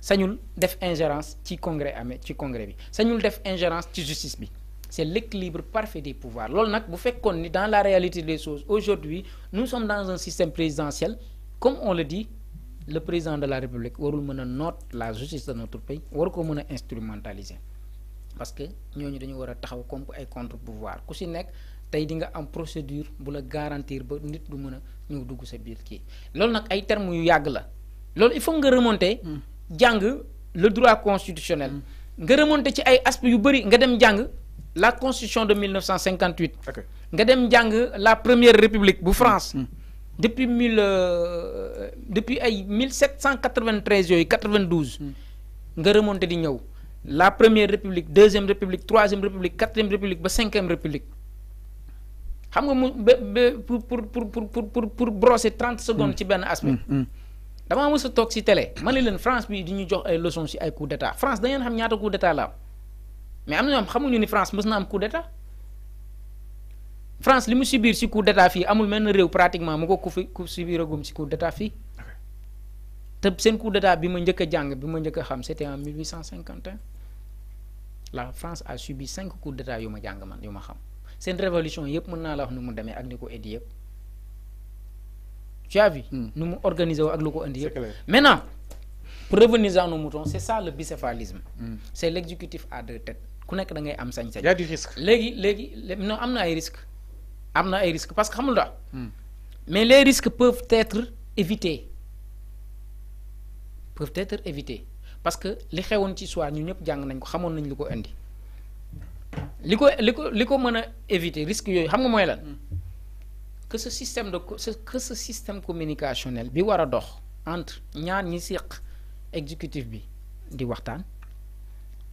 sañul def ingérence ci congrès C'est ci congrès bi sañul def ingérence ci justice bi c'est l'équilibre parfait des pouvoirs loolu vous bu qu'on ni dans la réalité des choses aujourd'hui nous sommes dans un système présidentiel comme on le dit le président de la république warul doit a la justice de notre pays il ko instrumentaliser parce que nous dañu war taxaw comme ay contre pouvoir ku si nekk tey di nga procédure pour la garantir que nous du mën a ñëw dugg sa biir kii loolu ay termes yu il faut remonter hmm. le droit constitutionnel hmm. nga remonter ci ay aspects yu la constitution de 1958 nga la première république de France mm, mm. depuis euh, depuis ay 1793 et 92 remonté la première république deuxième république troisième république quatrième république cinquième république xam nga pour pour pour pour pour brosser 30 secondes mm. ci benn aspect on mës a toog télé France bi di ñu jox ay leçons sur ay coup d'état France da ngeen xam ñaata coup d'État là mais am na ñoom ni France mëna am coup d'état France li mu subir si coup d'état fi amul men rew pratiquement mu ko ku fi ku subiragum ci coup d'état fi te sen coup d'état bi ma njëkk a jàng bi ma njëkk xam c'était en 1851 la France a subi cinq coups d'état yuma ma jàng man yuma xam sen révolution yépp mëna la wax nu mu démé ak niko édi yépp tu as vu hmm. nu mu organiser ak lu ko indi maintenant pour revenir à nos moutons c'est ça le bicéphalisme hmm. c'est l'exécutif à deux têtes il y a du risque risques parce que hmm. mais les risques peuvent être évités peuvent être évités parce que les xewoon ci soir ñu ñëpp nañ ko xamoon nañ risques hmm. que ce système que ce système communicationnel bi entre ñaar ñi exécutif bi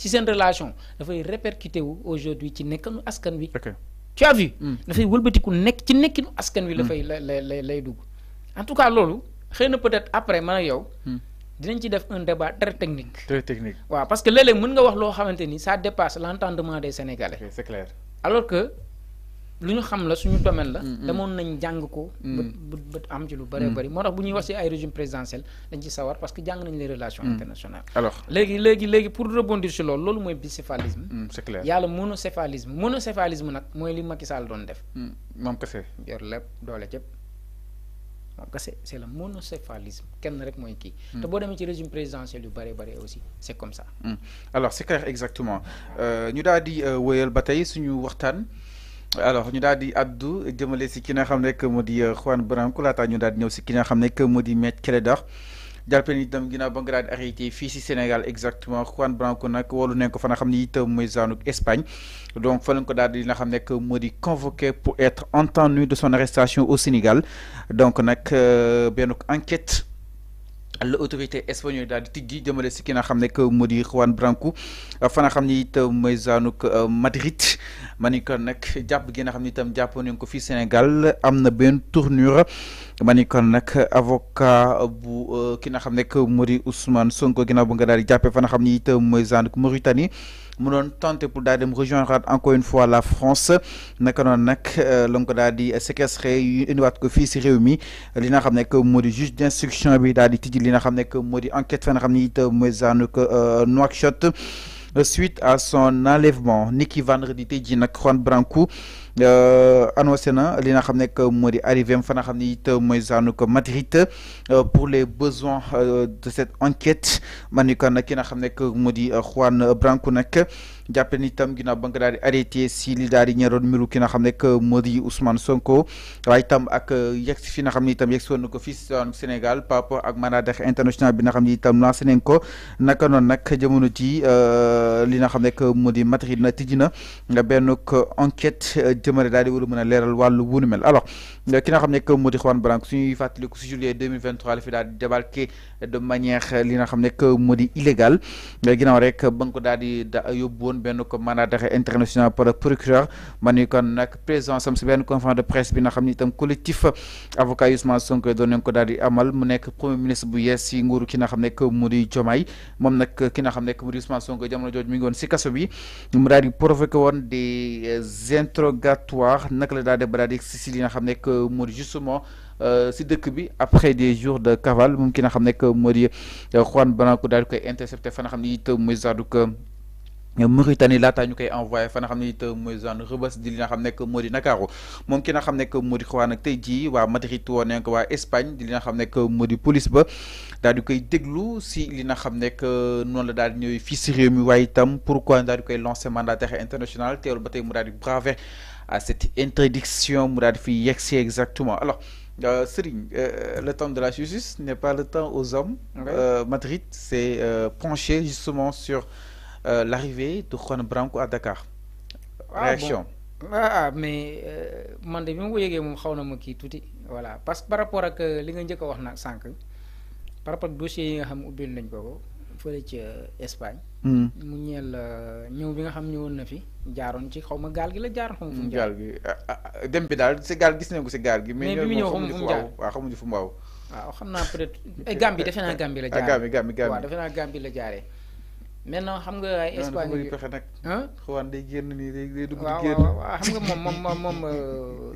si seen relation dafay répercuté wu aujourd'hui ci nekkanu askan wi. tu as vu. Hmm. dafay wëlbatiku nekk ci nekkinu askan wi. Hmm. dafay la lay lay dugg. en tout cas loolu rien ne peut-être après man ak yow. Hmm. dinañ ci def un débat très technique. très technique waaw parce que là, les mën nga wax ça dépasse l'entendement des Sénégalais. c'est clair alors que lu ñu xam la suñu domaine la. Mm-hmm. demoon nañ jàng ko. ba mm-hmm. ba am ci lu bëree mm-hmm. bëri. moo tax bu ñuy wax ci ay régime présidentiel dañ ci sawar parce que jàng nañ les relations internationales. alors léegi léegi léegi pour rebondir ci loolu loolu mooy bicéphalisme. Mm, c'est clair yàlla monocéphalisme monocéphalisme nag mooy li Macky Sall doon def. Mm, moom kese. yor lépp doole cëpp moom kese c'est le monocéphalisme kenn rek mooy kii. Mm. te boo demee ci régime présidentiel yu bëree bëri aussi c'est comme ça. alors c'est clair exactement euh, ñu daal di euh, wéyal ba tey suñu waxtaan alors ñu daal di addu ki nga euh, Juan Branco laata ñu daal di ki nga arrêté Sénégal exactement Juan Branco nak ko fa Espagne donc fa lañ ko convoqué pour être entendu de son arrestation au Sénégal donc une euh, enquête. la autorité espagnole daal di tiggi jëmale si ki nga xam ne moo di Juan Branco fa nga xam ni it mooy zaanuk euh, Madrid ma ni kon nag jàpp gi nga xam ni itam jàppoon nañ ko fii Sénégal am na benn tournure ma ni kon nag avocat bu euh, ki nga xam ne moo di Ousmane Sonko ginnaaw bu nga daal di jàppee fa xam ni it mooy zaanuk mu don tenter pour daal rejoindre encore une fois la France naka noonu nag euh, la dadi daal di une indiwaat ko fi ci rewmi li nga xam que juge d'instruction, bi dadi tidi li nga xam ne que moo enquête fa nga euh, Nouakchott suite à son enlèvement niki vendredi tidi nak Juan Branco. Euh, annoncé na li nga xam nekk moo arrivé ko Madrid euh, pour les besoins euh, de cette enquête manuka ni ko nag ki Juan Branco nag jàppe ni itam ginnaaw ba nga daal di arrêté si li daal di miru ki nga xamné que modi Ousmane Sonko way tam ak yex fi nga xam tam yex son ko fi Sénégal papa ak mandat international bi nga xam tam itam lancé nañ ko naka noonu nag jamono ji li nga xamné que modi Madrid na tijji nga benn enquête jëmale daal di war leral walu wunu mel alors ki nga xamne ne que moo di Juan Branco suñuy fàttaliku juillet 2023 la fi daal di débarqué de manière li nga xamne ne que moo di illégal ginaaw rek banko nga ko daal di ko mandat international par procureur man kon nak présence am ben conférence de presse bi nga xamni tam collectif avocat Ousmane Sonko do nañ ko daal amal mu nek premier ministre bu yees si nguru ki nga xamne ne que moo di Diomaye moom ki nga xamne ne que moo Ousmane Sonko jamono joj mi ngi woon si kaso bi mu daal provoquer won woon des interrogations aléatoire naka la daa def ba li nga xamné que moo justement euh, si deuk bi après des jours de cavale mum ki nga xamné que mouri euh, Juan Branco daal koy intercepté fa nga xam ne euh, Mauritanie laataa ñu koy envoyé fa nga xam ne it mooy zone di li nga xamné que moo di mum ki nga xamné que moo di ak nag tey Madrid woo nañ ko Espagne di li nga xamné que moo police ba dal di koy déglu si li nga xamné que non la dal ñëw fii réew mi waaye itam pourquoi dal di koy lancé mandataire international téwul batay tey mu di braver à cette interdiction Mourad fi exactement alors euh, Serigne euh, le temps de la justice n'est pas le temps aux hommes euh, Madrid s'est penché justement sur l'arrivée de Juan Branco à Dakar ah, réaction ah mais man de bi si ko yëgee moom ma tout. voilà parce que par rapport à li nga ñëk wax nak sank par rapport à dossier yi nga xam ubbil nañ ko fële ca Espagne. Hmm. mu ñeel euh, ñëw bi nga xam ñëwoon na fi jaaroon ci xaw ma gaal gi la jaar. xaw ma fu mu gaal gi ah, ah, dem bi daal si gaal gis nañ ko si gaal gi. mais bi mu ñëw xamuñu fu mu jaar waaw xamuñu fu mu waaw. waaw xam naa peut être eh, Gambie defe naa la ah, jaaree. Gambie Gambie Gambie naa xam nga ay Espagne bi pexe nag. xawaan day génn nii day dugg di waaw waaw xam nga moom moom moom euh,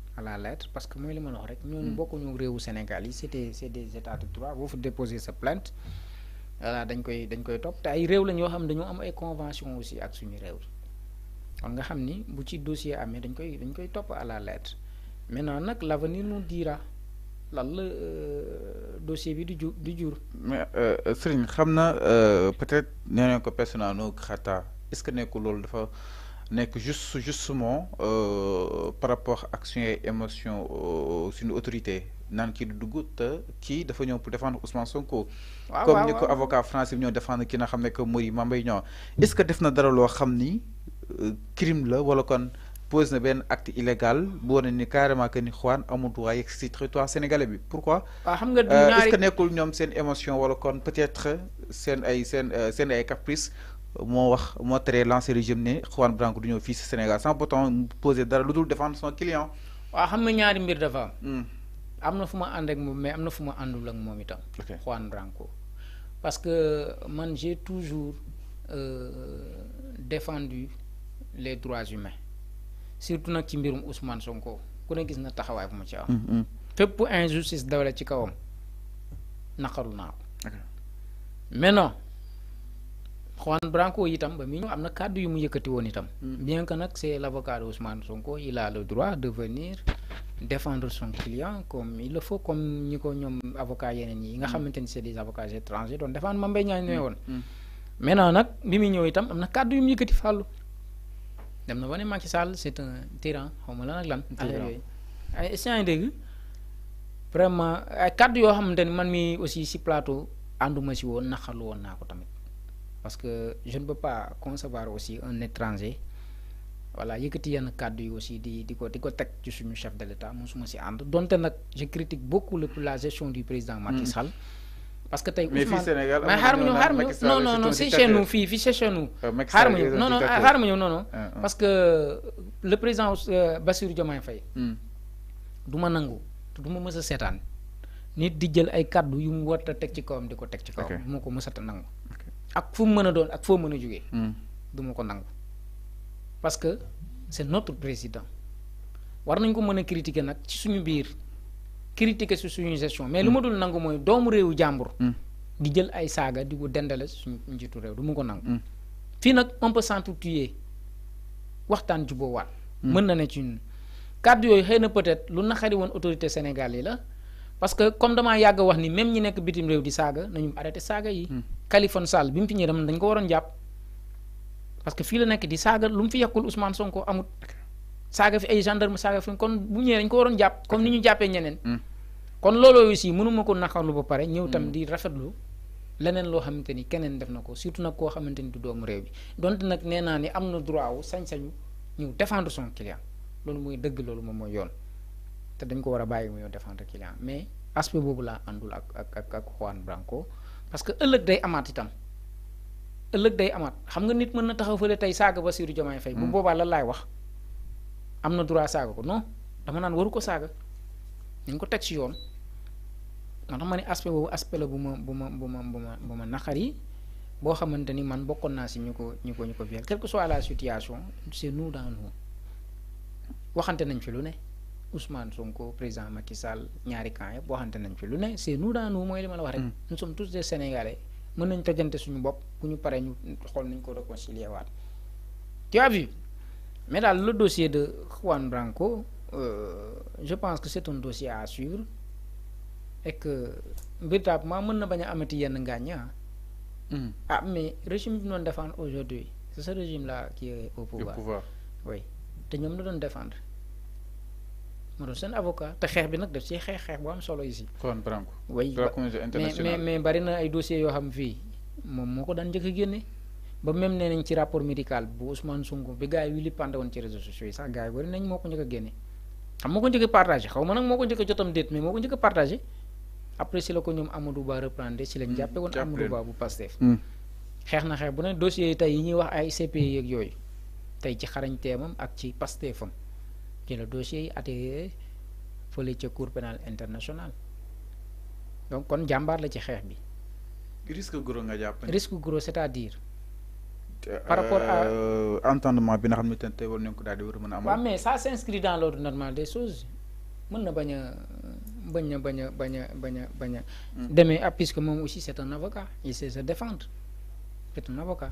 à la lettre parce que moi li ma la wax rek. ñooñu bokkuñu réewu Sénégal yi des états de droit Vous déposer sa plainte voilà dañ koy dañ koy top té ay réew lañ yoo xam dañu am ay convention aussi ak suñu réew kon nga xam ni bu ci dossier amé dañ koy dañ koy top à la lettre maintenant nak l'avenir nous dira lan la euh, dossier bi du jour. di jur. mais euh, Serigne xamna euh peut-être nee nañ ko persona non est ce que nekkul loolu dafa n'est juste justement euh, par rapport action et émotion une euh, autorité une autorité du défendre Ousmane Sonko. comme ni ko avocat français défendre ki que Mambay est-ce que def na dara euh, crime la wala kon pose acte illégal bu carrément que ni amul droit sénégalais pourquoi. est-ce que émotion peut-être caprice moo wax moo tere lancé le jeune ne Juan Branco du ñëw fii Sénégal sans pourtant poser dara le dul défendre son client. wa xam nga ñaari mbir dafa am. Hmm. am na ande ak mom mais amna fuma andul ak mom itam. Juan Branco parce que man j'ai toujours euh, défendu les droits humains surtout nak ci mbirum Ousmane Sonko ku ne gis na taxawaay bu ma ci am. Hmm, hmm. fépp injustice dawale ci kawam nakaru na ko. mais non. Juan Branco itam ba mi ñu amna cadre yu mu yëkëti won itam mm. bien que nak c'est l'avocat Ousmane Sonko il a le droit de venir défendre son client comme il le faut comme ñiko ñom avocat yenen yi nga mm. xamanteni c'est des avocats étrangers don défendre ma mbay ñaan ñewon mm. maintenant nak bi mi ñew itam amna cadre yu mu yëkëti fallu dem na wone Macky Sall c'est un tyran xawma lan ak lan ay essayant dégg vraiment cadre yo xamanteni man mi aussi ci plateau anduma ci won naxalu won nako tamit parce que je ne peux pas concevoir aussi un étranger voilà yëkkati yenn kàddu yi aussi di di ko di ko teg ci suñu chef de l'État moi je ànd donte donc je critique beaucoup le la gestion du président Macky hmm. Sall. parce que tey Ousmane mais xaar ma ñëw xaar non non non c'est chez nous fille c'est chez nous. Euh, non non non non. Ah, ah. parce que euh, le président euh, Bassirou Diomaye Faye. Hmm. duma nangu duma du sétane nit di jël ay kàddu yu mu war tek ci kawam diko tek ci kawam. moko ko ta nangu. ak fu mu mën a doon ak foo mën a jóge hmm. du ma ko nangu parce que c'est notre président war nañ ko mën a critiquer nag ci suñu biir critiquer su suñu gestion mais lu hmm. ma dul nangu mooy doomu réewu jàmbur. Hmm. di jël ay saaga di ko dendale suñu njiitu réew du ma ko nangu. fii nag on peut s'entretuer waxtaan jubóowaat. mën na ne ci ñun kàddu yooyu xëy na peut-être lu naxari woon autorité Sénégal yi la. parce que comme damaa yàgg wax ni même ñi nekk bitim réew di saaga nañu arrêté saaga yi. Hmm. Khalifa Sall bi mu fi ñëwee dañ ko waroon jàpp parce que fii la nekk di saaga lu mu fi yàqul Ousmane Sonko amut saaga fi ay gendarme saaga fi kon bu ñëwee dañ ko waroon jàpp comme ni ñu jàppee ñeneen. Hmm. kon looloo aussi mënuma ko lu ba pare. ñëw tamit hmm. di rafetlu leneen loo xamante ni keneen def na ko surtout nag koo xamante ni du doomu réew bi donte nag nee naa ni am na droit wu sañ-sañu ñu défendre son loolu mooy dëgg loolu moom mooy yoon. te dañ ko war a bàyyi mu yoon défendre client mais aspect boobu laa àndul ak ak ak ak Juan Branco parce que ëllëg day amaat itam ëllëg day amaat xam nga nit mën na taxaw fële tey saaga Bassirou Diomaye Faye bu hmm. boobaa lan laay wax am na droit saaga ko non dama naan waru ko saaga dañ ko teg si yoon moo tax ma ne aspect boobu aspect la bu ma bu ma bu ma bu ma bu ma naqar yi boo xamante ni man bokkoon naa si ñu ko ñu ko ñu ko viol quelle ko soit la situation c'est nous dans nañ fi lu ne Ousmane Sonko président Macky Sall ñaari camp yëpp waxante nañ fi lu ne c'est nous dans mooy li ma la wax rek. Mm. nous sommes tous des sénégalais mën nañ tojante suñu bopp ku ñu paree ñu xool nañ ko réconcilier waat tu as vu mais daal dossier de Juan Branco euh, je pense que c'est un dossier à suivre et que véritablement mën na bañ amati yenn ngaañ ah, mm. ah mais régime bi noonu défendre aujourd'hui c'est ce régime là qui est au te ñoom la doon défendre. ma doon seen avocat te xeex bi nag daf ci xeex xeex bu am solo ici. kon Branco. oui mais mais mais bari na ay dossiers yoo xam fii moom moo ko daan njëkk a génne ba même nee ci rapport médical bu Ousmane Sonko bi gars yi wili ci réseaux sociaux yi sax gars yi moo ko njëkk a génne. xam moo ko njëkk a xaw ma nag moo ko njëkk jotam déet mais moo ko njëkk a après si la ko ñoom Amadou Ba reprendre si lañ hmm, jàppe woon Amadou Ba bu Pastef. Hmm. xeex na xeex bu ne dossiers tey ci la dossier yi atterrir fële ca cour pénale internationale donc kon jàmbaar la ci xeex bi. risque gros nga jàpp risque gros c'est-à-dire. par rapport à euh, entendement bi na xam ne tey war nañu ko daal di war a mën a. amal waaw mais ça s'inscrit dans l'ordre normal de choses mën na bañ a bañ a bañ a bañ a bañ a bañ a. demee ah puisque moom aussi c'est un avocat il sait se défendre c'est un avocat.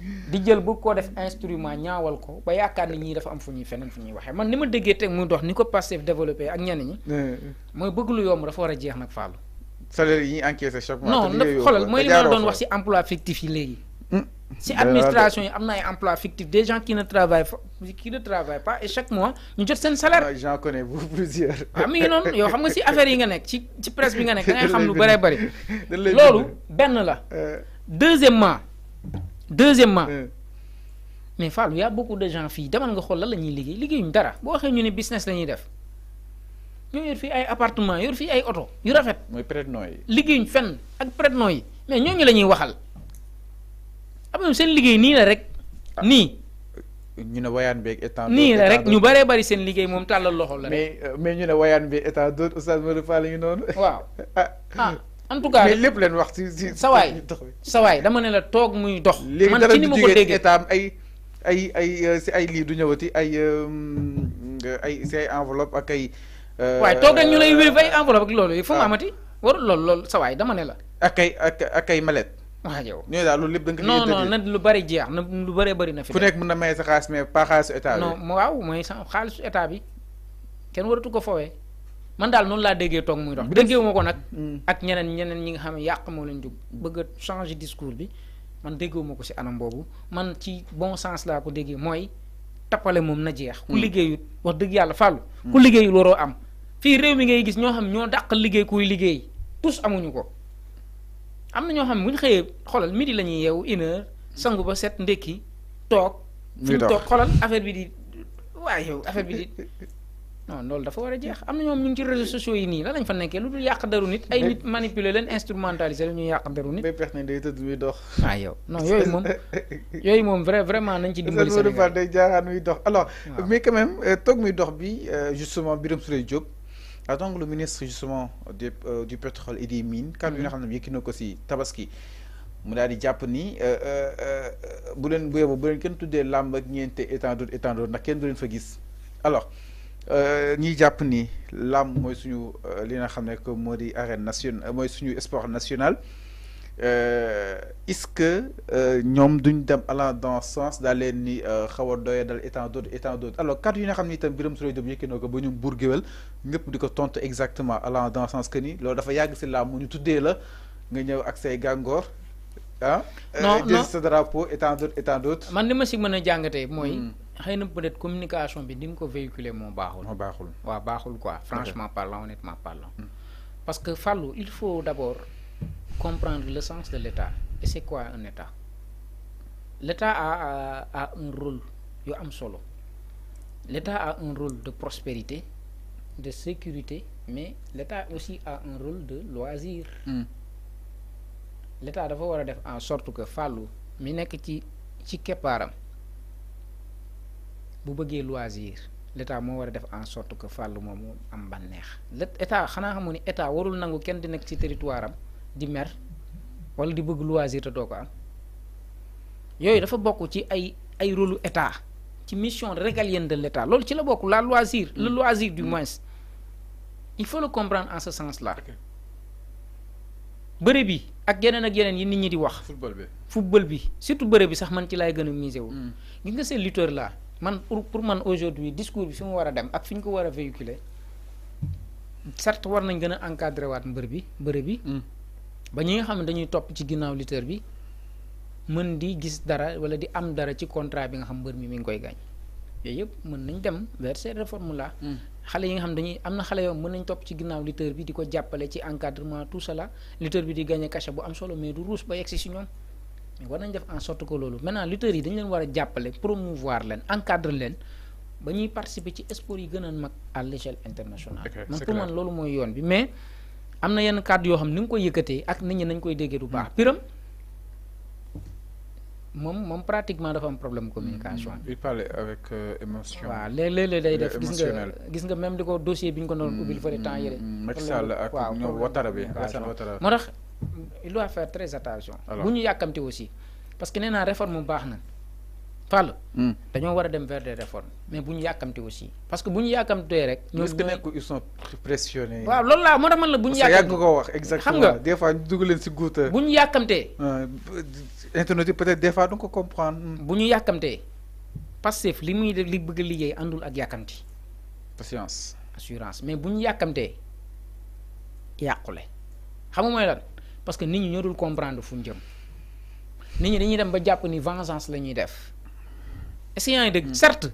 di jël bu ko def instrument ñaawal ko ba yaakaar ni ñii dafa am fu ñuy feneen fu ñuy waxee man ni ma déggee teg muy dox ni ko Pastef développé ak ñenn ñi. Eh, eh. mooy bëgg lu yomb dafa war a jeex nag fàllu. yi ñuy encaissé chaque mois. mooy li ma doon wax si emploi fictif yi léegi. Hmm. si administration yi am na ay emploi fictif des gens qui ne travaillent pas qui chaque mois ñu jot seen salaire. waaw j'en connais beaucoup plusieurs. waaw ah, xam nga si affaire yi nga nekk ci ci presse bi nga nekk da ngay xam lu bëree bëri. loolu benn la euh. deuxièmement deuxièmement hmm. mais y' a beaucoup de gens qui, demal nga xool Ils dara Ils business font. def fait, des ay Ils ay ils mais C'est une ñuy waxal am na seen liggéey ni la rek. Ah. ni ne la rek ñu seen liggéey la mais euh, mais ñu ne Ils état Modou en tout cas lépp leen wax ci ci sawaay sawaay dama ne la toog muy dox. man ci ni ma ko déggee ay ay ay euh, si ay lii du ñëwati ay euh, ay si ay enveloppe ak ay. Euh, waaye toog rek ñu lay wéy ay enveloppe ak loolu yi fu mu amati. warul lool loolu sawaay dama ne la. ak ay ak ak ay malet. waaw yow ñooy daal loolu lépp da nga ko non lu bari jeex na lu bëree bari na fi. ku nekk mën na may sa xaalis mais pas xaalisu état bi. non xaalisu état bi kenn waratu ko fowee. man daal noonu laa déggee toog muy dox déggee ma ko nag mm. ak ñeneen ñeneen ñi nga xam ne yàq moo leen jóg bëgg a changer discours bi man déggoo ma ko si anam boobu man ci bon sens laa ko déggee mooy tappale moom na jeex ku mm. liggéeyu wax dëgg yàlla fàllu mm. ku liggéeyu waroo am fii réew mi ngay gis ñoo xam ñoo dàq liggéey kuy liggéey tous amuñu ko am na ñoo xam ne bu xëyee xoolal midi la ñuy yeewu une heure sangu ba set ndékki toog fu toog affaire bi di waaye yow bi non loolu dafa wara jeex am ñoom ñu ci réseaux sociaux yi ni lan lañ fa nekkee lu dul daru nit ay nit manipuler leen instrumentaliser ñu ñuy daru nit. bay pex personne day tëdd muy dox. ah yow non yoy mom yoy mom vrai vraiment nañ ci dimbali Sénégal day jaaxaan muy dox alors. mais quand même euh, tok muy dox bi euh, justement Birame Souleye Diop en le ministre justement du euh, du pétrole et des mines. kàddu yi nga mm-hmm. xam ne yëkki ko ci tabaski. mu daal di jàpp ni bu leen bu yeboo bu leen kenn tuddee làmb ak ñeente et tant d'autres et kenn du leen fa gis alors. Nous, euh, les ni làmb moy suñu espoir euh, arène nationale euh, suñu sport national est-ce que ñom duñ dem dans dans sens d'aller ni xaw doye alors quand yi nga xamni tam itam Birame Souleye Diop ko ba ñu dans géwél sens exactement ala dans sens que ni lo dafa yag ci ñu tuddé la nga ñew ak say gangor, ah? non drapeau étant d'autres étant d'autres man ni ma Rien ne peut-être communication bi ni mu ko véhiculer mon Mon Mon baaxul waaw baaxul quoi franchement parlant honnêtement parlant. Hmm. parce que Fallou il faut d'abord comprendre le sens de l'État et c'est quoi un État. L'État a, a un rôle yo am solo l'État a un rôle de prospérité de sécurité mais l'État aussi a un rôle de loisir. Hmm. l'État doit faire en sorte que Fallou mi nekk ci ci keppaaram bu bëggee loisir l'état état moo war a def en sorte que fallu moomu am bànneex l' état xanaa xamu ni état warul nangu kenn di nekk ci territoire am di mer wala di bëgg loisir te doo ko am yooyu dafa bokk ci ay ay rôle état ci mission régalienne de l' état loolu ci la bokk la loisir le mm. loisir du mm. moins il faut le comprendre en ce sens là bëre bi ak yeneen ak yeneen yi nit ñi di wax. football bi football bi surtout bëre bi sax man ci laay gën a miser wu. Mm. gis nga seen lutteur là. man pour pour man aujourd'hui discours bi fi mu war a dem ak fi ñu ko war a véhiculer certes war nañ gën a encadré waat mbër bi mbër bi. Hmm. ba ñi nga xam dañuy topp ci ginnaaw lutteur bi mën di gis dara wala di am dara ci contrat bi nga xam mbër mi mi ngi koy gaañ yooyu yëpp mën nañ dem vers ces hmm. xale yi nga xam dañuy am na xale yoo mën nañ topp ci ginnaaw lutteur bi di ko jàppale ci encadrement tout cela lutteur bi di gagné cachet bu am solo mais du ruus ba yegsi si ñoom. war nañ def en sorte que loolu maintenant lutteurs yi leen war a jàppale promouvoir leen encadre leen ba ñuy participer ci sport yi gën a mag à l'échelle international man pour man loolu mooy yoon bi mais am na yenn kàddu yoo xam ni nga koy yëkkatee ak nit ñi nañ koy déggee du baax piram mm. moom moom pratiquement dafa am problème communication mm. il parlait avec euh, émotion day def gis nga gis nga même di ko dossier bi ñu ko doon ubbil fële temps yële mm, Macky Sall ak ñoom Ouattara moo tax il doit faire très attention. bu ñu aussi parce que nee naa réforme baax na Fall. Hmm. dañoo war a dem vers des réformes mais bu ñu aussi parce que bu ñu yàkkamtee rek. ñoom est que nekkul ils sont pressionnés. waaw loolu laa moo tax man la bu ñu. yàkkamti wax exactement xam des fois ñu dugg leen si guuta. bu euh, internet peut-être des fois donc comprendre. Hmm. bu ñu yàkkamtee Pastef li muy def li bëgg liggéey àndul ak yàkkamti. patience assurance mais bu ñu yàkkamtee yàqule xam nga mooy lan. parce que nit ñi ñoo dul comprendre fu ñu nit ñi dañuy dem ba jàpp ni vengeance la ñuy def est-ce que yaa hmm.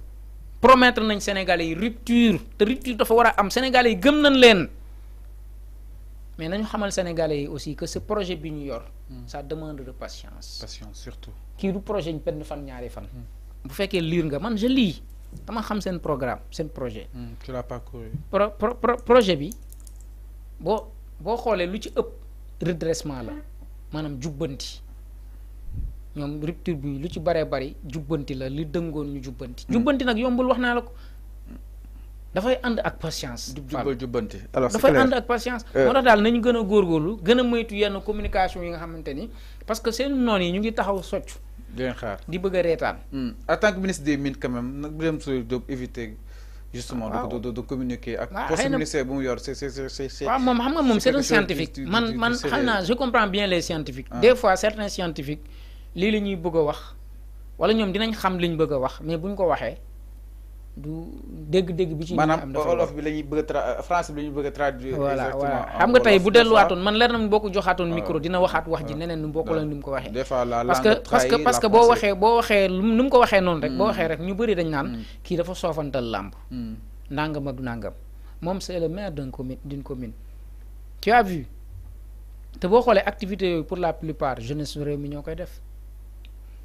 promettre nañ Sénégalais yi rupture te rupture dafa war a am Sénégalais yi gëm nañ leen mais nañu xamal Sénégalais yi aussi que ce projet bi ñu yor sa hmm. demande de patience patience surtout kii du projet ñu benn fan ñaari fan hmm. bu fekkee liir nga man je lii dama xam seen programme seen projet tu l'as parcouru projet bi boo boo xoolee lu ci ëpp redressement la maanaam jubbanti ñoom rupture bi lu ci baree bari jubbanti la li dëngoon ñu jubbanti. Hmm. jubbanti nag yombul wax naa la ko dafay ànd ak patience. jubal jubbanti alors dafay ànd ak patience. Euh. moo tax daal nañu gën a góorgóorlu gën a moytu yenn communication yi nga xamante ni parce que seen noon yi ñu ngi taxaw socc. di xaar di bëgg a reetaan. Hmm. en tant que ministre des mines quand nag Birame Souleye Diop éviter. justement de de de communiquer avec poste ministère bu yor c'est c'est waaw moom xam nga c'est un scientifique man man xam naa je comprends bien les scientifiques. Ah. des fois certains scientifiques li la ñuy bëgg wax wala ñom dinañ xam liñ bëgg wax mais buñ ko waxé du dégg-dégg bi ci. manam olof bi lañuy bëgg a euh, français bi lañuy bëgg traduire. exactement xam nga tay bu delluwaatoon man leer na mu boo ah. micro dina waxat wax ji ah. neneen nu ah. mu bokkul ko waxe des fois la parce que parce que parce que bo waxee boo waxee nu ko waxee non rek. bo hmm. waxee rek ñu bëri dañ nan hmm. ki dafa sofantal lamb hmm. nangam ak nangam mom c'est le maire d'un commune d'une commune. tu as vu te bo xolé activité yooyu pour la plupart jeunesse réew mi ñokay def.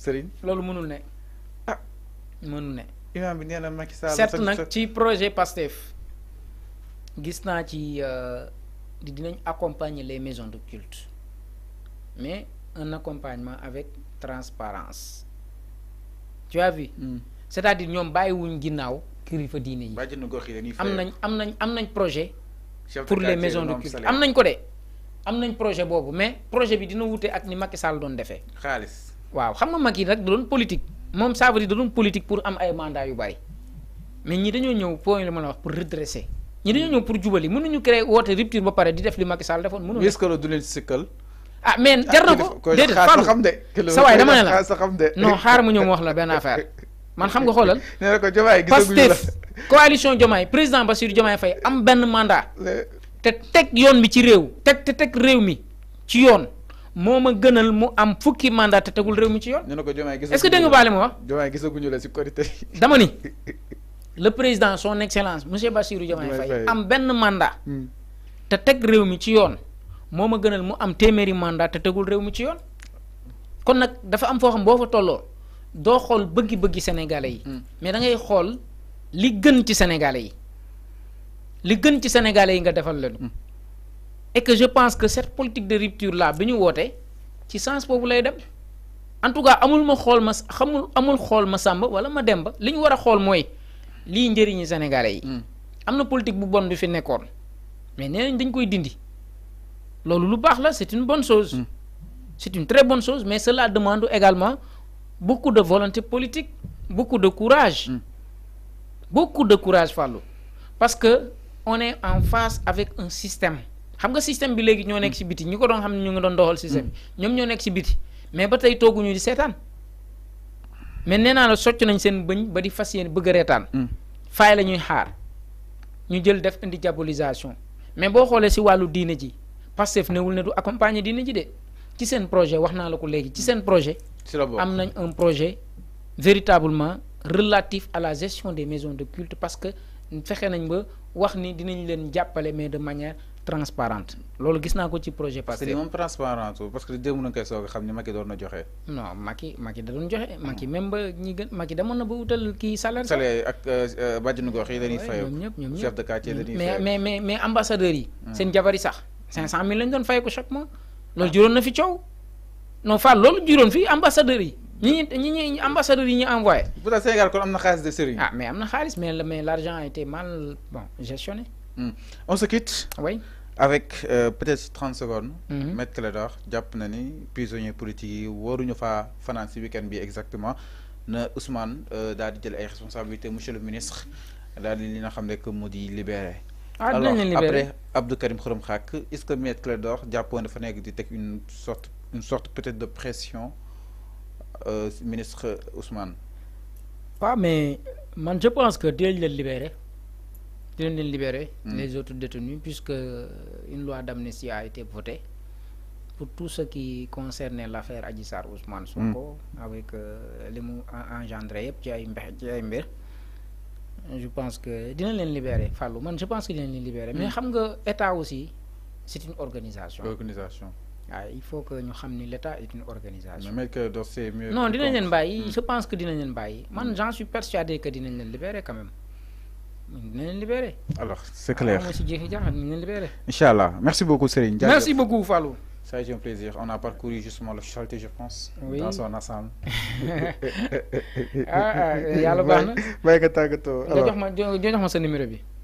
Serigne loolu mënul ne. ah mënul ne. imaam bi nee na Macky Sall. certes nag ci projet PASTEF gis naa ci euh, dinañ accompagner les maisons de culte mais un accompagnement avec transparence tu as vu. Hmm. c'est-à-dire ñoom bàyyiwuñ ginnaaw kilifa diine yi. am nañ am nañ projet. pour les maisons de culte am nañ ko de. am projet boobu mais projet bi dina wute ak ni Macky Sall doon defee. xaalis. waaw xam nga yi nag da doon politique moom ça veut dire da doon politique pour am ay mandat yu bari mais ñi dañoo ñëw point la ma la wax pour redresser ñi dañoo ñëw pour mun nañu créer woote rupture ba pare di def li Macky Sall defoon mënuñu. est-ce que loolu du leen sikkal. ah mais ah, jar sa waay ne la xaar ma ñëw ma wax la benn affaire man xam nga xoolal. nee na ko Diomaye gisaguñu la Pastef coalition Diomaye président Bassirou Diomaye Faye am benn mandat. te teg yoon bi ci réew. teg te teg réew mi ci yoon. moo ma gënal mu am fukki mandat te tegul réew mi ci yoon. ñu ne ko Diomaye gisaguñu est-ce que dégg nga baale ma wax. Diomaye gisaguñu la si korité. dama ni le président son excellence monsieur Bassirou Diomaye Faye am benn mandat. Hmm. te teg réew mi ci yoon moo ma gënal mu am téeméeri mandat te tegul réew mi ci yoon. kon nag dafa am foo xam boo fa tolloo doo xool bëggi-bëggi sénégalais yi. Hmm. mais dangay xool li gën ci sénégalais yi li gën ci sénégalais yi nga defal leen. et que je pense que cette politique de rupture là biñu woté ci sens bobu lay dem en tout cas amul ma xol ma xamul amul xol ma samba wala ma dem ba li wara xol a xool sénégalais yi. Hmm. politique bu bon bi fi mais néñ dañ koy dindi lu la c'est une bonne chose. Hmm. c'est une très bonne chose mais cela demande également beaucoup de volonté politique beaucoup de courage. Hmm. beaucoup de courage Fallou parce que on est en face avec un système. xam nga système bi léegi ñoo nekk ci biti ñi ko doon xam ne ñu ngi doon doxal système ñoom ñoo nekk ci biti mais ba tey tooguñu di seetaan mais nee naa la socc nañ seen bëñ ba di fas yéene bëgg a reetaan mm. faay la ñuy xaar ñu jël def indi jabolisation mais boo xoolee si wàllu diine ji Pastef newul ne du accompagner diine ji de ci seen projet wax naa la ko léegi ci seen projet am nañ un projet véritablement relatif à la gestion des maisons de culte parce que fexe nañ ba wax ni dinañ leen jàppale mais de manière transparente C'est gis projet parce que parce que xamni Macky non Macky Macky da doon Macky même ba ñi Macky ba wutal de quartier dañuy mais mais mais ambassadeur yi. Hmm. seen jabar yi sax 500000 hmm. lañ doon chaque mois. Nous juroon na fi Nous non fa juroon fi ambassadeur yi. envoyé. de série. ah mais mais l'argent a été mal bon gestionné. Mm. On se quitte avec euh, peut-être 30 secondes. M. Mm-hmm. Kledor, jàpp na ni prisonniers politiques yi waruñu faa fanaan si exactement na Ousmane euh, d'Adi di jël ay responsabilités monsieur le ministre il a li qu'il xam ah, libéré. après Abdou Karim Xurum est-ce que M. Kledor a dafa nekk di une sorte une sorte peut-être de pression euh, ministre Ousmane. pas mais je pense que Dieu leen libéré dinañ leen libéré. les autres détenus puisque une loi d'amnistie a été votée pour tout ce qui concernait l'affaire Adji Ousmane mm. Sonko. avec euh, Limou mu engendré yëpp ci ay ay mbir. je pense que dinañ leen libérer Fallou man je pense qu'il dinañ libéré. libérer. mais mm. xam nga état aussi c'est une organisation. organisation. Ah, il faut que nous sachions que l'État est une organisation. Mais que c'est mieux. Non, mm. je pense que dinañ leen bàyyi. man j'en suis persuadé que dinañ leen libérer quand même alors c'est clair merci beaucoup Serigne. merci beaucoup Ça a été un plaisir. On a parcouru justement l'officialité, je pense, oui. dans son ensemble. ah, ah,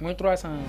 muito croissant.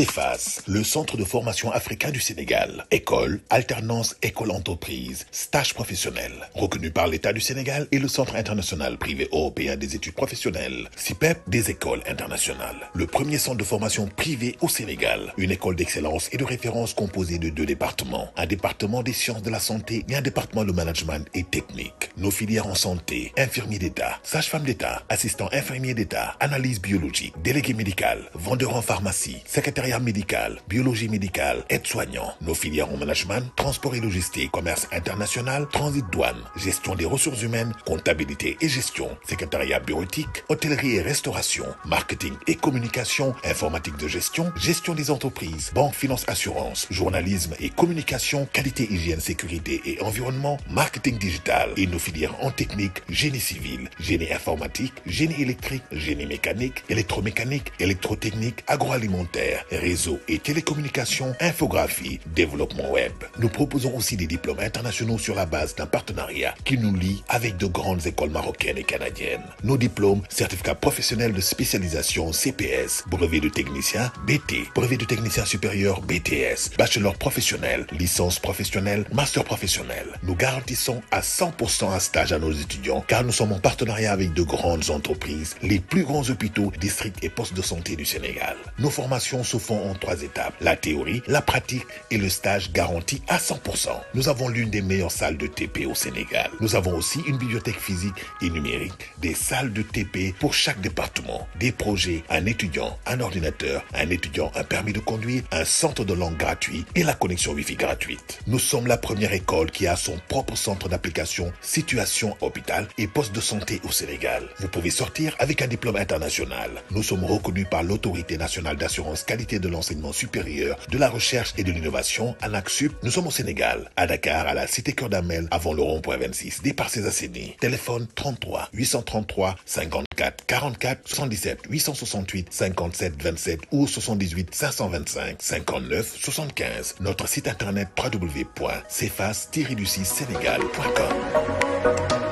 CEFAS, le centre de formation africain du Sénégal. École, alternance, école-entreprise, stage professionnel. Reconnu par l'État du Sénégal et le Centre international privé européen des études professionnelles, CIPEP e des écoles internationales. Le premier centre de formation privé au Sénégal. Une école d'excellence et de référence composée de deux départements. Un département des sciences de la santé et un département de management et technique. Nos filières en santé, infirmiers d'État, sage-femme d'État, assistant infirmiers d'État, analyse biologique, délégué médical, vendeur en pharmacie, secrétaire médicale, médical, biologie médicale, aide-soignant, nos filières en management, transport et logistique, commerce international, transit douane, gestion des ressources humaines, comptabilité et gestion, secrétariat bureautique, hôtellerie et restauration, marketing et communication, informatique de gestion, gestion des entreprises, banque, finance, assurance, journalisme et communication, qualité, hygiène, sécurité et environnement, marketing digital et nos filières en technique, génie civil, génie informatique, génie électrique, génie mécanique, électromécanique, électrotechnique, agroalimentaire, réseaux et télécommunications, infographie, développement web. Nous proposons aussi des diplômes internationaux sur la base d'un partenariat qui nous lie avec de grandes écoles marocaines et canadiennes. Nos diplômes, certificats professionnels de spécialisation CPS, brevet de technicien BT, brevet de technicien supérieur BTS, bachelor professionnel, licence professionnelle, master professionnel. Nous garantissons à 100% un stage à nos étudiants car nous sommes en partenariat avec de grandes entreprises, les plus grands hôpitaux, districts et postes de santé du Sénégal. Nos formations sont font en trois étapes. La théorie, la pratique et le stage garanti à 100%. Nous avons l'une des meilleures salles de TP au Sénégal. Nous avons aussi une bibliothèque physique et numérique, des salles de TP pour chaque département, des projets, un étudiant, un ordinateur, un étudiant, un permis de conduire, un centre de langue gratuit et la connexion Wi-Fi gratuite. Nous sommes la première école qui a son propre centre d'application, situation hôpital et poste de santé au Sénégal. Vous pouvez sortir avec un diplôme international. Nous sommes reconnus par l'autorité nationale d'assurance qualité de l'enseignement supérieur, de la recherche et de l'innovation, à NACSUP, nous sommes au Sénégal, à Dakar, à la cité Cœur d'Amel, avant le rond-point 26, départ à assainis. Téléphone 33 833 54 44 77 868 57 27 ou 78 525 59 75. Notre site internet www.cefas-sénégal.com.